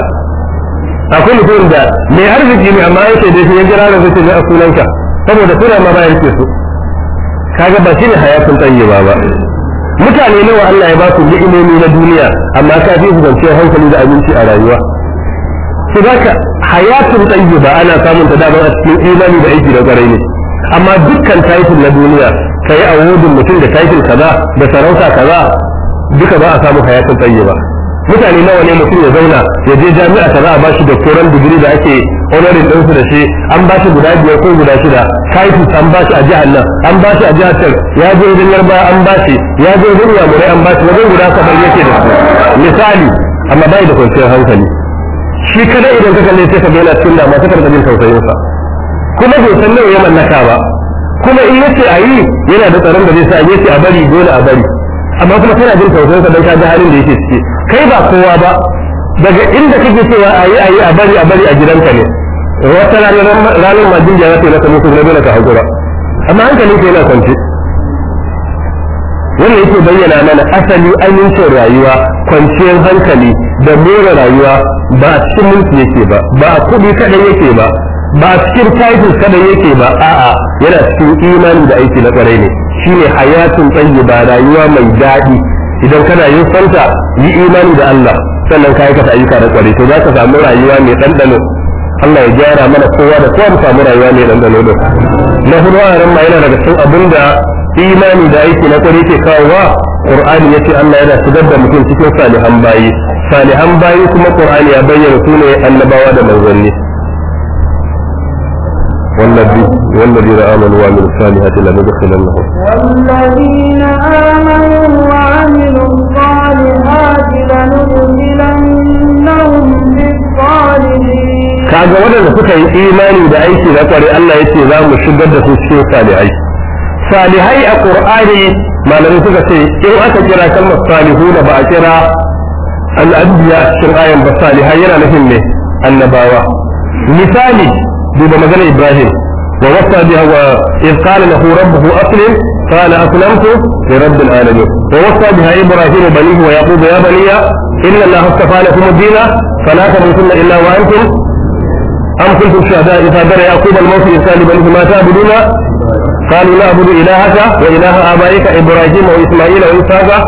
akwai mutum da mai arziki ne amma yake da shi ya jira da zai ce a sunanka saboda suna ma bayan ke su kaga ba shi ne hayatun tayyiba ba mutane nawa Allah ya ba su ni'imomi na duniya amma ka fi su zance hankali da abinci a rayuwa su hayatin hayatun ba ana samun ta damar a cikin imani da aiki da ƙarai ne amma dukkan taifin na duniya ka yi wudin mutum da taifin kaza da sarauta kaza duka ba a samu hayatun ba mutane nawa ne mutum ya zauna ya je jami'a ta za a bashi da koren digiri da ake honorin ɗansu da shi an bashi guda biyar ko guda shida typhus an bashi a jihar nan an bashi a jihar can ya je wajen yarba an bashi ya je wajen yamurai an bashi wajen guda kamar yake da su misali amma bai da kwanciyar hankali shi kada idan ka kalle sai ka yana cikin damuwa sai ka rika jin tausayinsa kuma bai san nawa ya mallaka ba kuma in yace a yi yana da tsaron da zai sa yace a bari dole a bari amma kuma kana jin tausayin sa dan ka ji halin da yake ciki kai ba kowa ba daga inda kake cewa ayi ayi a bari a bari a gidanka ne wata ranar majin ya ce masa musu na da ka hakura amma hankalin ka yana kwance wannan yake bayyana mana asali amincin rayuwa kwanciyar hankali da mera rayuwa ba a cikin mulki yake ba ba a kuɗi kaɗai yake ba ba a cikin titles kaɗai yake ba a'a yana cikin imani da aiki na ƙwarai ne shine hayatun tayyiba rayuwa mai daɗi idan kana yin santa yi imani da Allah sannan ka aikata ayyuka da kwarai to za ka samu rayuwa mai ɗanɗano Allah ya gyara mana kowa da kowa mu samu rayuwa mai ɗanɗano da na hudu a ran yana daga cikin abin da imani da aiki na kwari ke kawowa Qur'ani ya ce Allah yana shigar da mutum cikin salihan bayi salihan bayi kuma Qur'ani ya bayyana su ne annabawa da manzanni والذين آمنوا وعملوا الصالحات لندخلنهم والذين آمنوا وعملوا الصالحات لندخلنهم kaga waɗanda suka yi imani da aiki na kware Allah ya ce za mu shigar da su cikin salihai salihai a ƙur'ani malamai suka ce in aka kira kalmar na ba a kira al'adiyya cikin ayan ba salihai yana nufin ne annabawa misali دوبا مجال إبراهيم ووصى بها biha قال له ربه أسلم قال أسلمت لرب العالمين ووصى بها إبراهيم بنيه ويقول يا بني إن الله اصطفى لكم الدين فلا تموتن إلا وأنتم أم كنتم شهداء إذا بنى يعقوب الموت إذ قال لبنيه ما تعبدون قالوا نعبد إلهك وإله آبائك إبراهيم وإسماعيل وإسحاق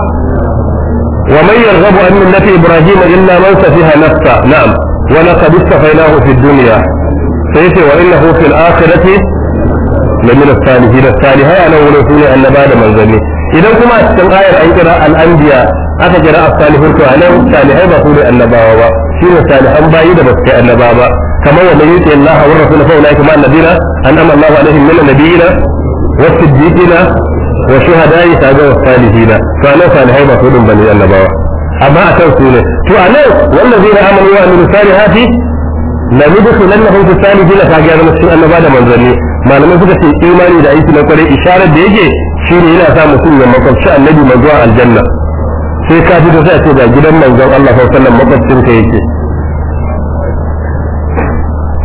ومن يرغب عن ملة إبراهيم إلا من سفه نفسه نعم ولقد اصطفيناه في الدنيا sai ce wa innahu fil akhirati lamin as-salihin as-salihai ana wurin sune annaba da manzanni idan kuma a cikin ayar an kira al-anbiya aka kira as-salihun to anan salihai ba sune annabawa ba shine salihan bayi da basu kai annaba ba kamar wanda yake Allah wa rasul fa ulai ma'an annabina annama Allah alaihim min nabiyina wa siddiqina wa shuhada'i kaga wa salihina to anan salihai ba sune bane annabawa amma akan sune to anan wallazi na amanu wa amilu salihati la nudkhilannahum fi salihin la kaga gyara cikin annaba da manzanni malamai suka ce imani da aiki na kware isharar da yake shine yana sa mutum ya makwabci annabi zuwa aljanna sai ka ji da sai ce ga gidan manzon Allah sallallahu alaihi wasallam makwabcin ka yake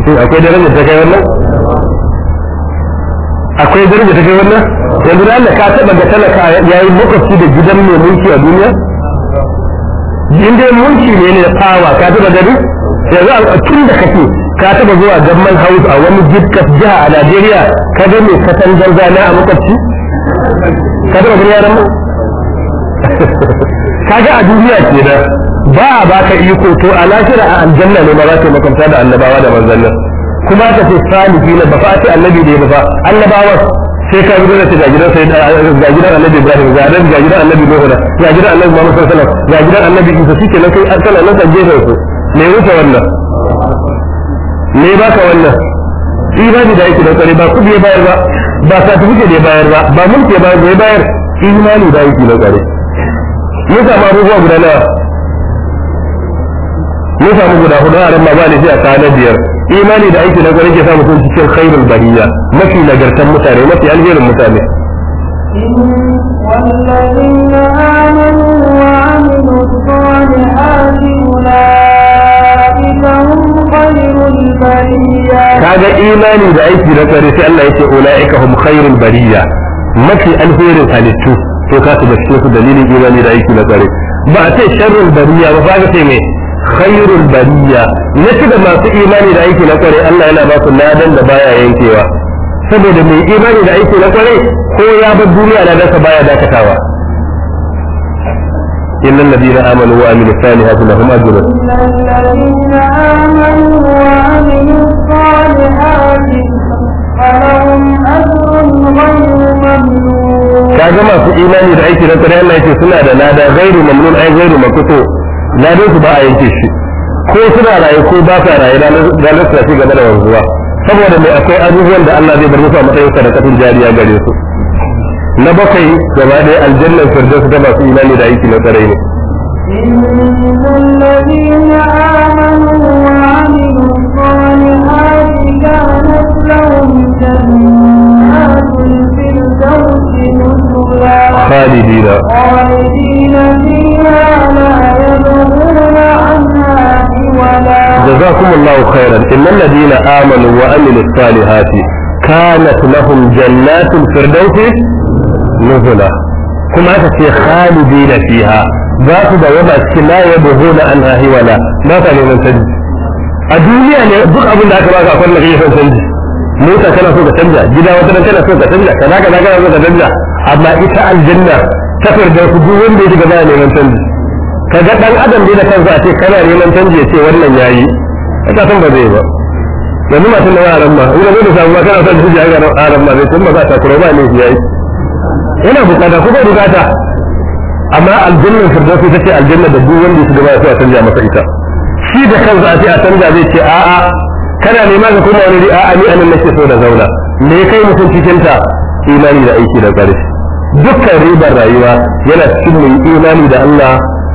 sai akwai darajar ta kai wannan akwai darajar ta kai wannan yanzu da Allah ka taba ga talaka yayin makwabci da gidan mai mulki a duniya inda mulki ne ne da fawa ka taba gani yanzu a tun da kake ka taba zuwa gamman haus a wani jikas jiha a najeriya ka ga mai zanza na a makwabci ka taba gani yaran ka ga a duniya ke da ba a baka iko to a lafira a aljanna ne ba za ka makwabta da annabawa da manzannin kuma ka ce salihi na ba fa ce annabi ne ba fa annabawa sai ka gudu da ce gajiran sai gajiran annabi ibrahim gajiran gajiran annabi nuhu gajiran annabi muhammad sallallahu alaihi wasallam gajiran annabi isa shike nan kai an kana nan san jefa su me wuce wannan me baka wannan imani da yake da tsare ba kudi bai bayar ba ba satifike da bayar ba ba mulki ya bayar ba ya bayar imani da yake da tsare ya samu abubuwa guda nawa ya samu guda hudu a ran ma ba ne sai a kana biyar imani da aiki na gwanin ke samu sun cikin khairul bariya mafi nagartan mutane mafi alherin mutane والذين آمنوا وعملوا الصالحات أولئك kaga imani da aiki na kare sai Allah yake ulaika hum khairul bariya mafi alherin halittu to ka su shi su dalilin imani da aiki na kare ba a ce sharrul bariya ba ka ce me khairul bariya ne da masu imani da aiki na kare Allah yana ba su ladan da baya yankewa saboda mai imani da aiki na kare ko ya bar duniya da ka baya dakatawa إلا الذين آمنوا وعملوا الصالحات لهم أجر إلا الذين آمنوا وعملوا الصالحات فلهم أجر غير ممنون كاجا ما في إيماني رأيت نترى ما يتي سنة لا دا غير ممنون أي غير مكتو لا دوس بقى ينتش ko suna rayu ko ba sa rayu da lissa ci gaba da wanzuwa saboda mai akwai abubuwan da Allah zai bar musu a matsayin sadakatun jariya gare su na bakwai gaba ɗaya aljannar firdaus ga masu imani da aiki na tsarai ne خالدين فيها لا عنها جزاكم الله خيرا إن الذين آمنوا وعملوا الصالحات كانت لهم جنات الفردوس nuzula kuma aka ce khalidina fiha za su da waba cikin la an anha hiwala ba ka neman canji a duniya ne duk abin da aka baka akwai na son canji mota kana so ka canja gida wata nan kana so ka canja kaza kaza kana so ka canja amma ita aljanna ta da su duk wanda ya shiga ba neman canji ga dan adam dai da kansa a ce kana neman canji ya ce wannan yayi ka san ba zai ba yanzu masu nawa a ramma ina zai da samu ba kana son canji a ramma zai tun ba za ta kuro ba ne yayi yana bukata ko bai bukata amma aljannar firdausi ta ce aljanna da duk wanda ya shiga ba ya a canja masa ita shi da kansa a ce a canja zai ce a'a kana nema ka koma wani a'a ni anan nake so da zauna me kai mutum cikin ta imani da aiki da ƙarfi dukkan ribar rayuwa yana cikin mu imani da Allah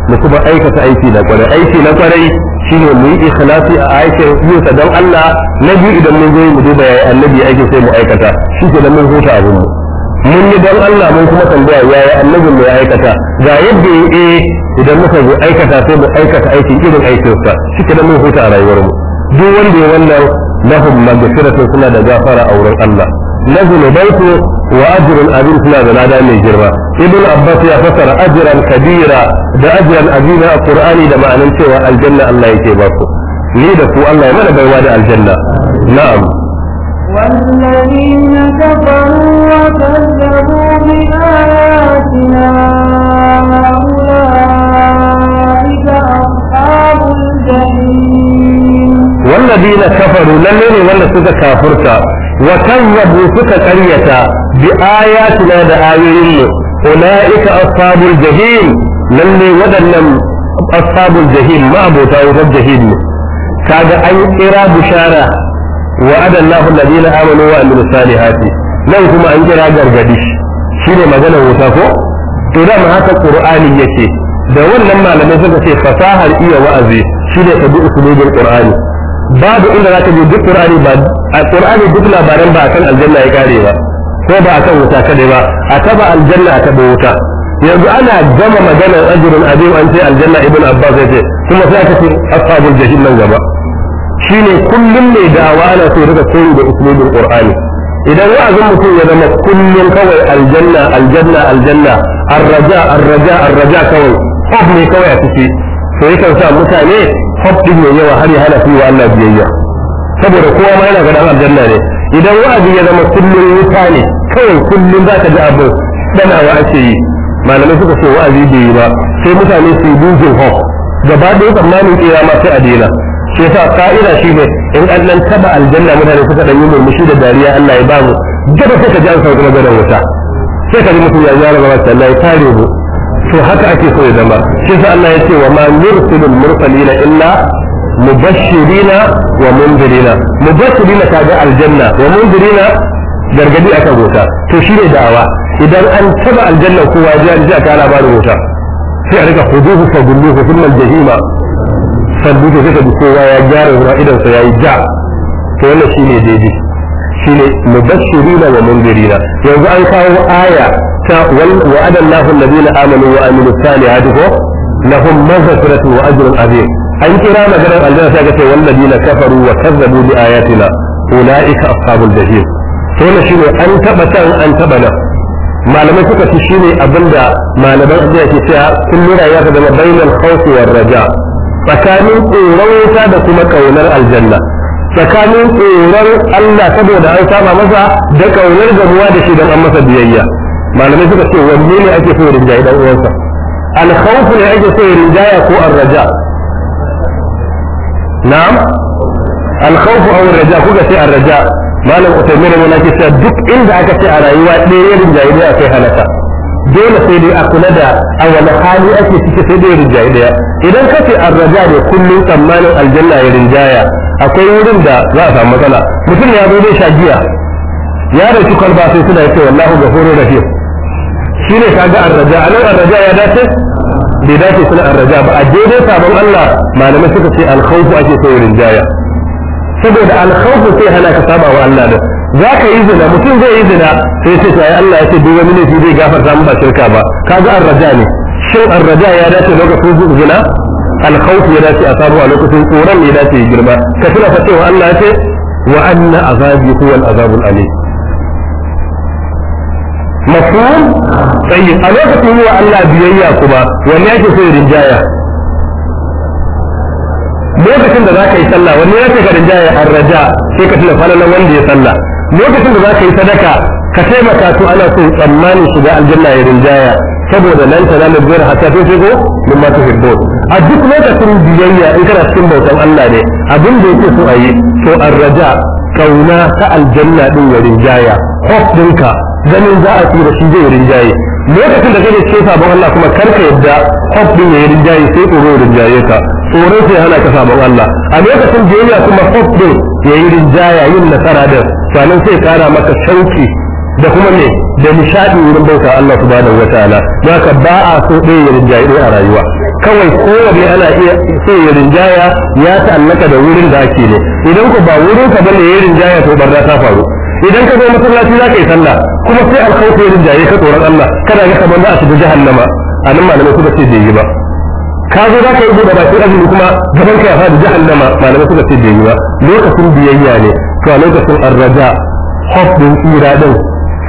mu kuma aikata aiki na kwarai aiki na kwarai shine mu yi ikhlasi a aikin yin sa don Allah na biyu idan mun zo mu duba yayi annabi aikin sai mu aikata shi ke da mun huta abin mu mun yi don Allah mun kuma tambaya yi annabin mu ya aikata ga yadda ya eh idan muka zo aikata sai mu aikata aikin irin aikin cike da mun huta a rayuwar mu duk wanda ya wannan lahum magfiratun suna da gafara a wurin Allah lahu nabaitu wa ajrun azim suna da lada mai girma ibn abbas ya fasara ajran kabira da ajran azima a qur'ani da ma'anin cewa aljanna Allah yake ba ku ni da ku Allah ya mana baiwa da aljanna na'am والذين كفروا وكذبوا بآياتنا أولئك أصحاب الجحيم والذين كفروا لمن ولا سكا وكذبوا سكا بآياتنا بآيين أولئك أصحاب الجحيم للي ودنم أصحاب الجحيم ما أبو تاوفر الجحيم كاد أي إرى بشارة wa'ada Allahu alladhina amanu wa amilus salihati nan kuma an jira gargadi shine magana wuta ko to da ma haka qur'ani yake da wannan malamai suka ce fasahar iya wa'azi shine tabi usulul qur'ani babu inda zaka je duk qur'ani ba a qur'ani duk labaran ba akan aljanna ya kare ba ko ba kan wuta kadai ba a taba aljanna a taba wuta yanzu ana gama magana ajrun azim an ce aljanna ibn abbas yace kuma sai aka ce ashabul jahim nan gaba shine kullum mai dawa ana so rika koyi da usulul qur'ani idan wa'azin mutum ya zama kullum kawai aljanna aljanna aljanna arraja arraja arraja kawai hof ne kawai a ciki to yakan sa mutane hof din ne yawa har ya hana su wa Allah biyayya saboda kowa ma yana ga dan aljanna ne idan wa'azi ya zama kullum wuta ne kawai kullum za ka ji abu danawa ake yi malamai suka ce wa'azi bai yi ba sai mutane su yi dujin hof gaba ɗaya tsammanin kiyama sai a daina shi yasa ka'ida shi ne in an nan taba aljanna mutane suka dan yi murmushi da dariya Allah ya ba mu gaba sai ka ji an sauka na gadon wuta sai ka ji mutum ya zara ta Allah ya kare mu to haka ake so ya zama shi yasa Allah ya ce wa ma mursalul mursalina illa mubashirina wa mundirina mubashirina kaga aljanna wa mundirina gargadi aka wuta to shi ne da'awa idan an taba aljanna kowa ya ji aka labarin wuta sai a rika huduhu kan buɗe sai ka kowa ya gyara ruwa idansa ya yi ja to wannan ne daidai Shi ne. shine mubashirina wa mundirina yanzu an kawo aya ta wa'ada Allahu alladhina amanu wa Aminu amilu salihati ko lahum maghfiratu wa ajrun azim an kira maganar aljanna sai ka ce walladina kafaru wa kazzabu bi ayatina ulaika ashabul jahim to wannan shine an taba can an taba nan malamai suka ci shi shine abinda malaman addini ke cewa kullu rayuwa ta zama bainal khawfi war raja' tsakanin tsoron wuta da kuma ƙaunar aljanna tsakanin tsoron Allah saboda an saba masa da kaunar gamuwa da shi dan an masa biyayya malamai suka ce wanne ne ake so rinjaye dan uwansa alkhawf ne ake so rinjaya ko arraja na'am alkhawf aw arraja kuka ce arraja malam utaimin mun ake cewa duk inda aka ce a rayuwa ɗaya rinjaye ne akai halaka dole sai dai a kula da a wani hali ake cike sai dai rinjaye daya idan ka ce an raja ne kullum tsammanin aljanna ya rinjaya akwai wurin da za a samu matsala mutum ya zo zai sha giya ya da shi kwalba sai suna yace wallahu gafuru rahim shi ne kaga an raja a nan an raja ya dace bai dace suna an raja ba a daidai sabon Allah malamai suka ce alkhawfu ake so rinjaya saboda alkhawfu sai hana ka saba wa Allah da za ka yi zina mutum zai yi zina sai sai sai Allah ya ce duk wani laifi zai gafarta mu ba shirka ba kaga arraja ne shin arraja ya dace lokacin zina alkhawf ya dace a sabu a lokacin tsoron ya dace ya girma ka tuna fa cewa Allah ya ce wa anna azabi huwa al-azabul alim mafhum tayyib a lokacin wa Allah biyayya kuma wani yake sai rinjaya lokacin da za ka yi sallah wani ya ce ka rinjaya arraja sai ka tuna falalan wanda ya sallah lokacin da za ka yi sadaka ka taimaka to ana so tsammanin shiga aljanna ya rinjaya saboda nan ta zamu biyar hatta sai sai ko min ma tuhibbun a duk lokacin biyayya in kana cikin bautan Allah ne abin da yake so a yi to arraja kauna ta aljanna din ya rinjaya hof dinka ganin za a tsira shi zai rinjaye lokacin da kake ce sabon Allah kuma karka yadda hof ɗin ya rinjaye sai tsoro rinjaye ka tsoron sai hana ka sabon Allah a lokacin biyayya kuma hof din yi rinjaya yin nasara da sanan sai kara maka sauki da kuma ne da nishadi wurin bauta Allah subhanahu wataala ya ka ba a so ɗaya ya rinjaye ɗaya a rayuwa kawai kowane ana iya so ya rinjaya ya ta'allaka da wurin da ake ne idan ku ba wurin ka bane ya rinjaya to barna ta faru idan ka zo masallaci za ka yi sallah kuma sai alkhawfi ya rinjaye ka tsoron Allah kada ga kamar za a shiga jahannama a nan malamai suka ce bai yi ba ka zo za ka yi ba baki azumi kuma gaban ka ya faɗi jahannama malamai suka ce bai yi ba lokacin biyayya ne to a lokacin arraja hof din tsira din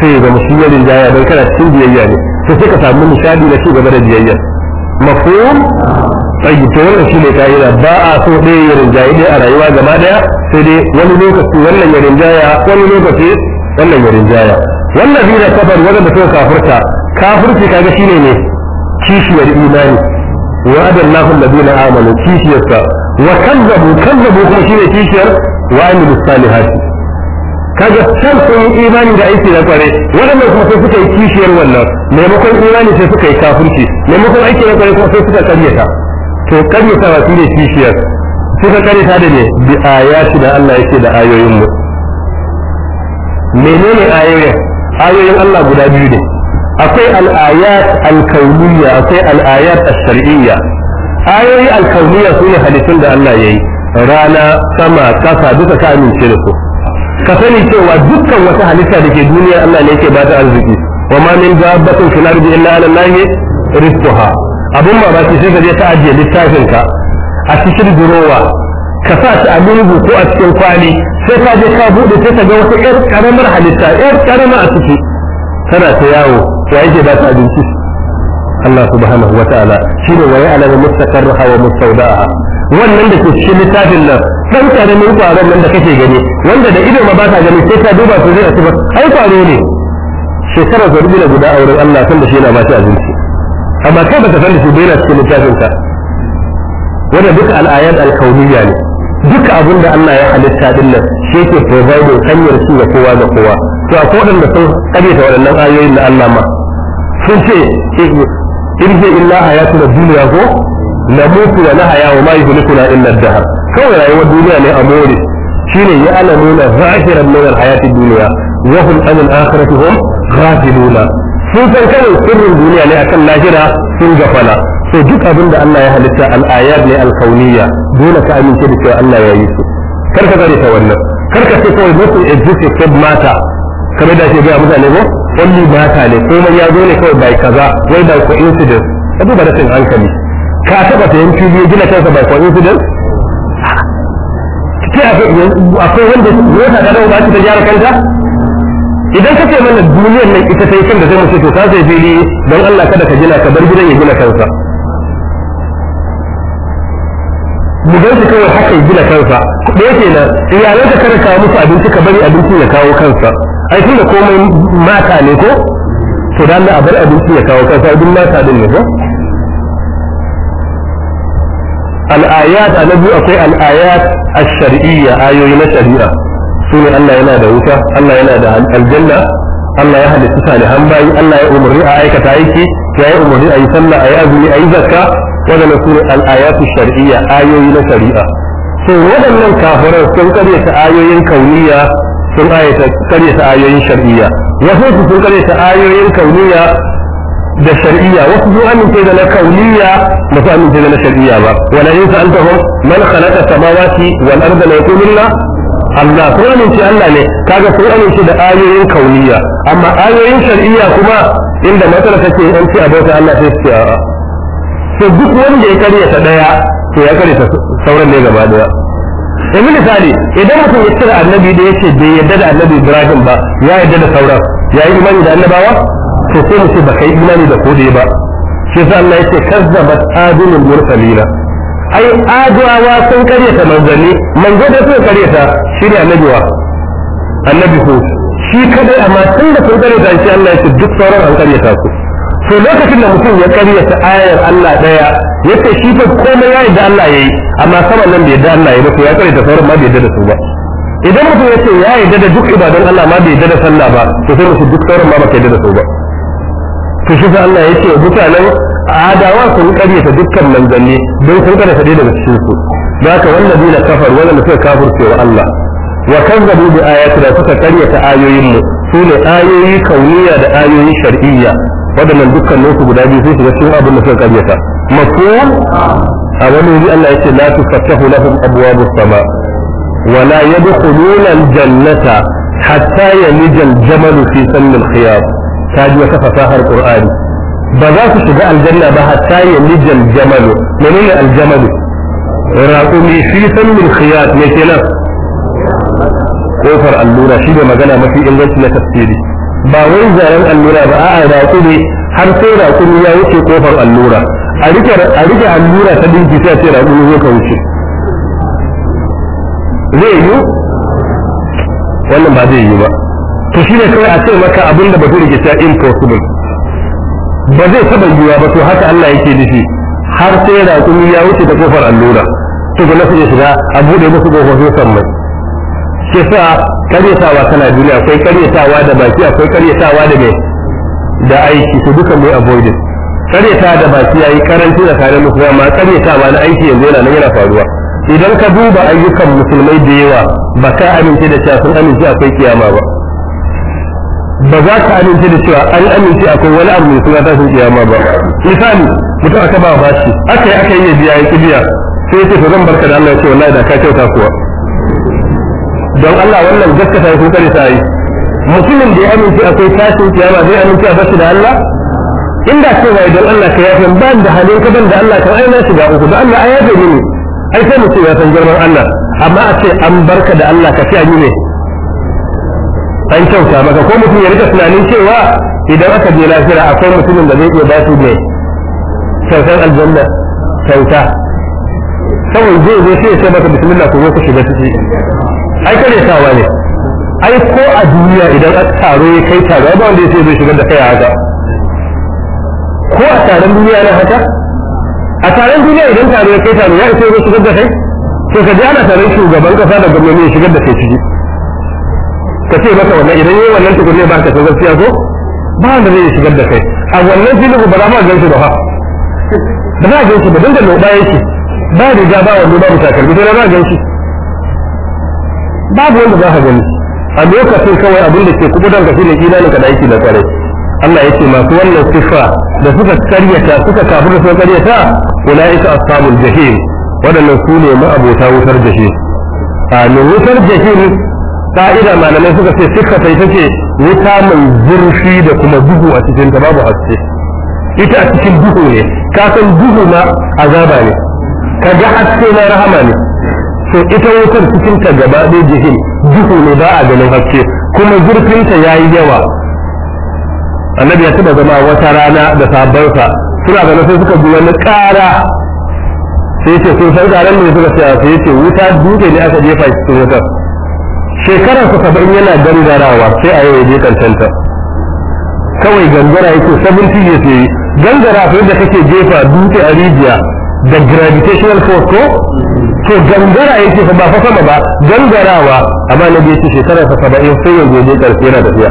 sai ya zama shi yarin jaya don kana cikin biyayya ne to sai ka samu nishadi na gaba da biyayya mafhum tsayi to wannan shine ka'ida ba a so ɗaya ya rinjaye ɗaya a rayuwa gaba ɗaya sai dai wani lokaci wannan ya rinjaya wani lokaci wannan ya rinjaya wannan zira kafar wanda suka kafurta kafurci kaga shine ne kishiyar imani وعد الله الذين آمنوا كيشيسا وكذبوا كذبوا كيشير كيشير وعملوا الصالحات kaga can sun yi imani da aiki na kware waɗannan kuma sai suka yi kishiyar wannan maimakon imani sai suka yi kafirci maimakon aiki na kware kuma sai suka karyata to karyata ba shine kishiyar suka karyata da ne bi ayati da Allah yake da ayoyin mu menene ayoyin ayoyin Allah guda biyu ne akwai al'ayat alkauniya akwai al'ayat ash-shar'iyya ayoyi alkauniya su ne halittun da Allah yayi rana sama kasa duka ka amince da su ka sani cewa dukkan wata halitta da ke duniya Allah ne yake bata arziki wa ma min dabbatin fil ardi illa ala allahi rizquha abun mamaki sai ka je ta ajiye littafin ka a cikin durowa ka sa shi a lungu ko a cikin kwali sai ka je ka bude sai ka ga wata yar karamar halitta yar karama a ciki tana ta yawo wa yake ba su abinci Allah subhanahu wataala shine wa ya'lamu mustaqarraha wa mustawda'aha wannan da ke cikin littafin nan dan karamin kwaron nan da kake gani wanda da ido ma ba ta gani sai ka duba su zai a tuba ai kwaro ne shekara ta rubuta guda a wurin Allah san da shi yana ba shi abinci amma kai ba baka san da shi bai na cikin littafin ka wanda duka al'ayat al-kauniyya ne duka abin da Allah ya halitta din nan shi yake providing hanyar ci ga kowa da kowa to akwai waɗanda sun ta waɗannan ayoyin da Allah ma sun ce irje illa hayatu na duniya ko na mutu wa na haya wa ma yuhlikuna illa dahar kawai rayuwar duniya ne a more shine ya alamuna zahiran min alhayati duniya wa hum an al hum ghafiluna sun san kawai sirrin duniya ne akan lahira sun gafala so duk abin da Allah ya halitta al-ayat ne al-kauniyya dole ka amince da cewa Allah ya yi su ka ta wannan kar ka ce kawai mutum exist except mata kamar da ke gaya mutane ko wani ba ta ne komai ya zo ne kawai bai kaza wai bai incident abu ba rashin hankali ka taba yanki fili gina kansa bai a akwai wanda mota ta dawo ba ta gyara kanta idan ka mana duniyar nan ita ta yi kan da zai mace to ta sai fili don Allah kada ka gina ka bar gidan ya gina kansa mu ga shi kawai haka ya gina kansa ɗaya kenan iyalanka kada ka musu abinci ka bari abincin ya kawo kansa ai tun da komai mata ne ko to da Allah a bar abinci ya kawo kansa duk mata din ne ko al-ayat alabu akwai al-ayat ash-shar'iyya ayoyi na shari'a sune Allah yana da wuta Allah yana da aljanna Allah ya halitta salihan bayi Allah ya umarni a aikata aiki ya yi umarni a yi sallah a yi azumi a yi zakka waɗannan sune al-ayat ash-shar'iyya ayoyi na shari'a to waɗannan kafirai sun ta ayoyin kauniya sun ayata karyata ayoyin shar'iyya wasu su sun karyata ayoyin kauniya da shar'iyya wasu sun amince da na kauniya ba su amince da na shar'iyya ba wala in sa'altahum man khalaqa samawati wal arda la yaqulunna Allah sun amince Allah ne kaga sun amince da ayoyin kauniya amma ayoyin shar'iyya kuma inda matsala take an ci abota Allah sai su a'a to duk wanda ya karyata daya to ya karyata sauran ne gaba daya yanzu misali idan mutum ya cire annabi da yace bai yadda da annabi Ibrahim ba ya yadda da sauran ya yi imani da annabawa to sai mu ce ba kai imani da kodai ba shi yasa Allah yace kazzabat adunul mursalina ai aduwa sun karyata manzanni manzo da sun karyata shi ne annabi wa annabi ko shi kadai amma tun da sun karyata shi Allah yace duk sauran an karyata su to lokacin da mutum ya karya ta ayar Allah daya yace shi fa komai ya da Allah yayi amma saman nan bai da Allah yayi ba to ya ta sauran ma bai da su ba idan mutum ce ya yi da duk ibadan Allah ma bai da sallah ba to sai mutum duk sauran ma baka yarda da su ba to shi Allah yace mutanen adawa sun karya ta dukkan manzanni don sun kada dai daga cikin su zaka wallazina kafar wala mutum kafirce wa Allah wa kan da ayatu da suka ta ayoyin mu ne ayoyi kauniya da ayoyi shar'iyya waɗannan dukkanin su guda biyu sun shiga cikin abin da suka karyata mafhum a wani wuri Allah ya yake la tufattahu lahum abwabus sama wa la yadkhuluna al-jannata hatta yalija al-jamalu fi sammil khiyar ta ji wata fasahar qur'ani ba za su shiga aljanna ba hatta yalija al-jamalu menene al-jamalu raqumi fi sammil khiyar ne kenan kofar allura shi ne magana mafi inganci na tafsiri ba wai zaren allura ba a'a raƙu ne har sai raƙu ya wuce kofar allura a rike allura ta dinki sai a ce raƙu ne ka wuce zai yi wannan ba zai yi ba to shi ne kawai a ce maka abin da bature ke cewa impossible ba zai taɓa yiwa ba to haka Allah yake nufi har sai raƙu ya wuce ta kofar allura to ga nasu ya shiga a buɗe musu kofofin sammai shi sa karyatawa tana duniya akwai karyatawa da baki akwai karyatawa da mai da aiki su duka mai avoided karyata da baki yayi karanci da kare musulmai amma karyatawa na aiki yanzu yana nan yana faruwa idan ka duba ayyukan musulmai da yawa ba ka amince da cewa sun amince akwai kiyama ba ba za ka amince da cewa an amince akwai wani abu mai suna tashin kiyama ba misali mutum aka ba bashi aka yi aka yi biya ya biya sai ya ce to zan barka da Allah ya ce wallahi da ka kyauta kuwa don Allah wannan gaskata ya kokare sa yi mutumin da ya amince akwai tashin kiyama zai amince a bashi da Allah In inda cewa idan Allah ka yafe ban da halin ka ban da Allah ka aina shiga uku da Allah ayabe ne ai sai mu ce ya san girman Allah amma a ce an barka da Allah ka ci ne an kyauta maka ko mutum ya rika tunanin cewa idan aka je lafiya akwai mutumin da zai iya ba su ne kyautar aljanna kyauta kawai zai zai sai ya ce maka bismillah ku zo ku shiga ciki ai kare sawa ne ai ko a duniya idan aka taro ya kai taro ba wanda sai zai shigar da kai haka ko a taron duniya na haka a taron duniya idan taro ya kai taro ya isa zai shigar da kai to ka ji ana taron shugaban kasa da gwamnati ya shigar da kai ciki ka ce masa wannan idan yi wannan tukuri ba ka san gaskiya ko ba wanda zai shigar da kai a wannan filin ba za ma gan shi ba ha, ba za a gan shi ba dinda loba yake ba riga ba wando ba mu takalmi sai na za a shi babu wanda za ka gani a lokacin kawai abin da ke kuma ka shine imanin ka da aiki da kare Allah ya ce masu wannan siffa da suka karyata suka kafu da suka karyata ulaika ashabul jahim waɗannan su ne ma'abota wutar jahim a wutar jahim ka'ida malamai suka ce siffa ta ita ce wuta mai zurfi da kuma duhu a cikin ta babu haske ita a cikin duhu ne ka duhu ma azaba ne ka haske na rahama ne to ita wutar cikin ta gaba ɗaya jihin duhu ne ba a ganin hakke kuma zurfinta ya yi yawa annabi ya taɓa zama wata rana da sabansa suna da sai suka ji wani ƙara sai ce sun san ƙaran ne suka tsaya sai ce wuta duke ne aka jefa shi cikin wutar shekarar sa saba'in yana gangarawa sai a yau ya je karshen kawai gangara yake 70 years sai gangara sai da kake jefa dutse a rijiya da gravitational force ko to gangara yake fa ba fa sama ba gangarawa amma nabi yace shekarar sa 70 sai ya yana tafiya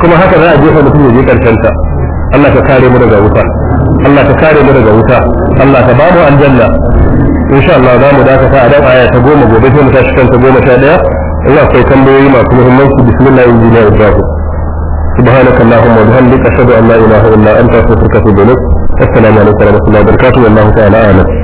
kuma haka za a jefa mutum ya je karshen ta Allah ka kare mu daga wuta Allah ka kare mu daga wuta Allah ka ba mu aljanna insha Allah za mu dakata a dan aya ta goma gobe sai mu tashi kan ta goma daya in akwai tambayoyi masu muhimmanci bismillah injiniya ibrahim سبحانك اللهم وبحمدك أشهد أن لا إله إلا أنت أستغفرك وأتوب إليك السلام عليكم ورحمة الله وبركاته والله تعالى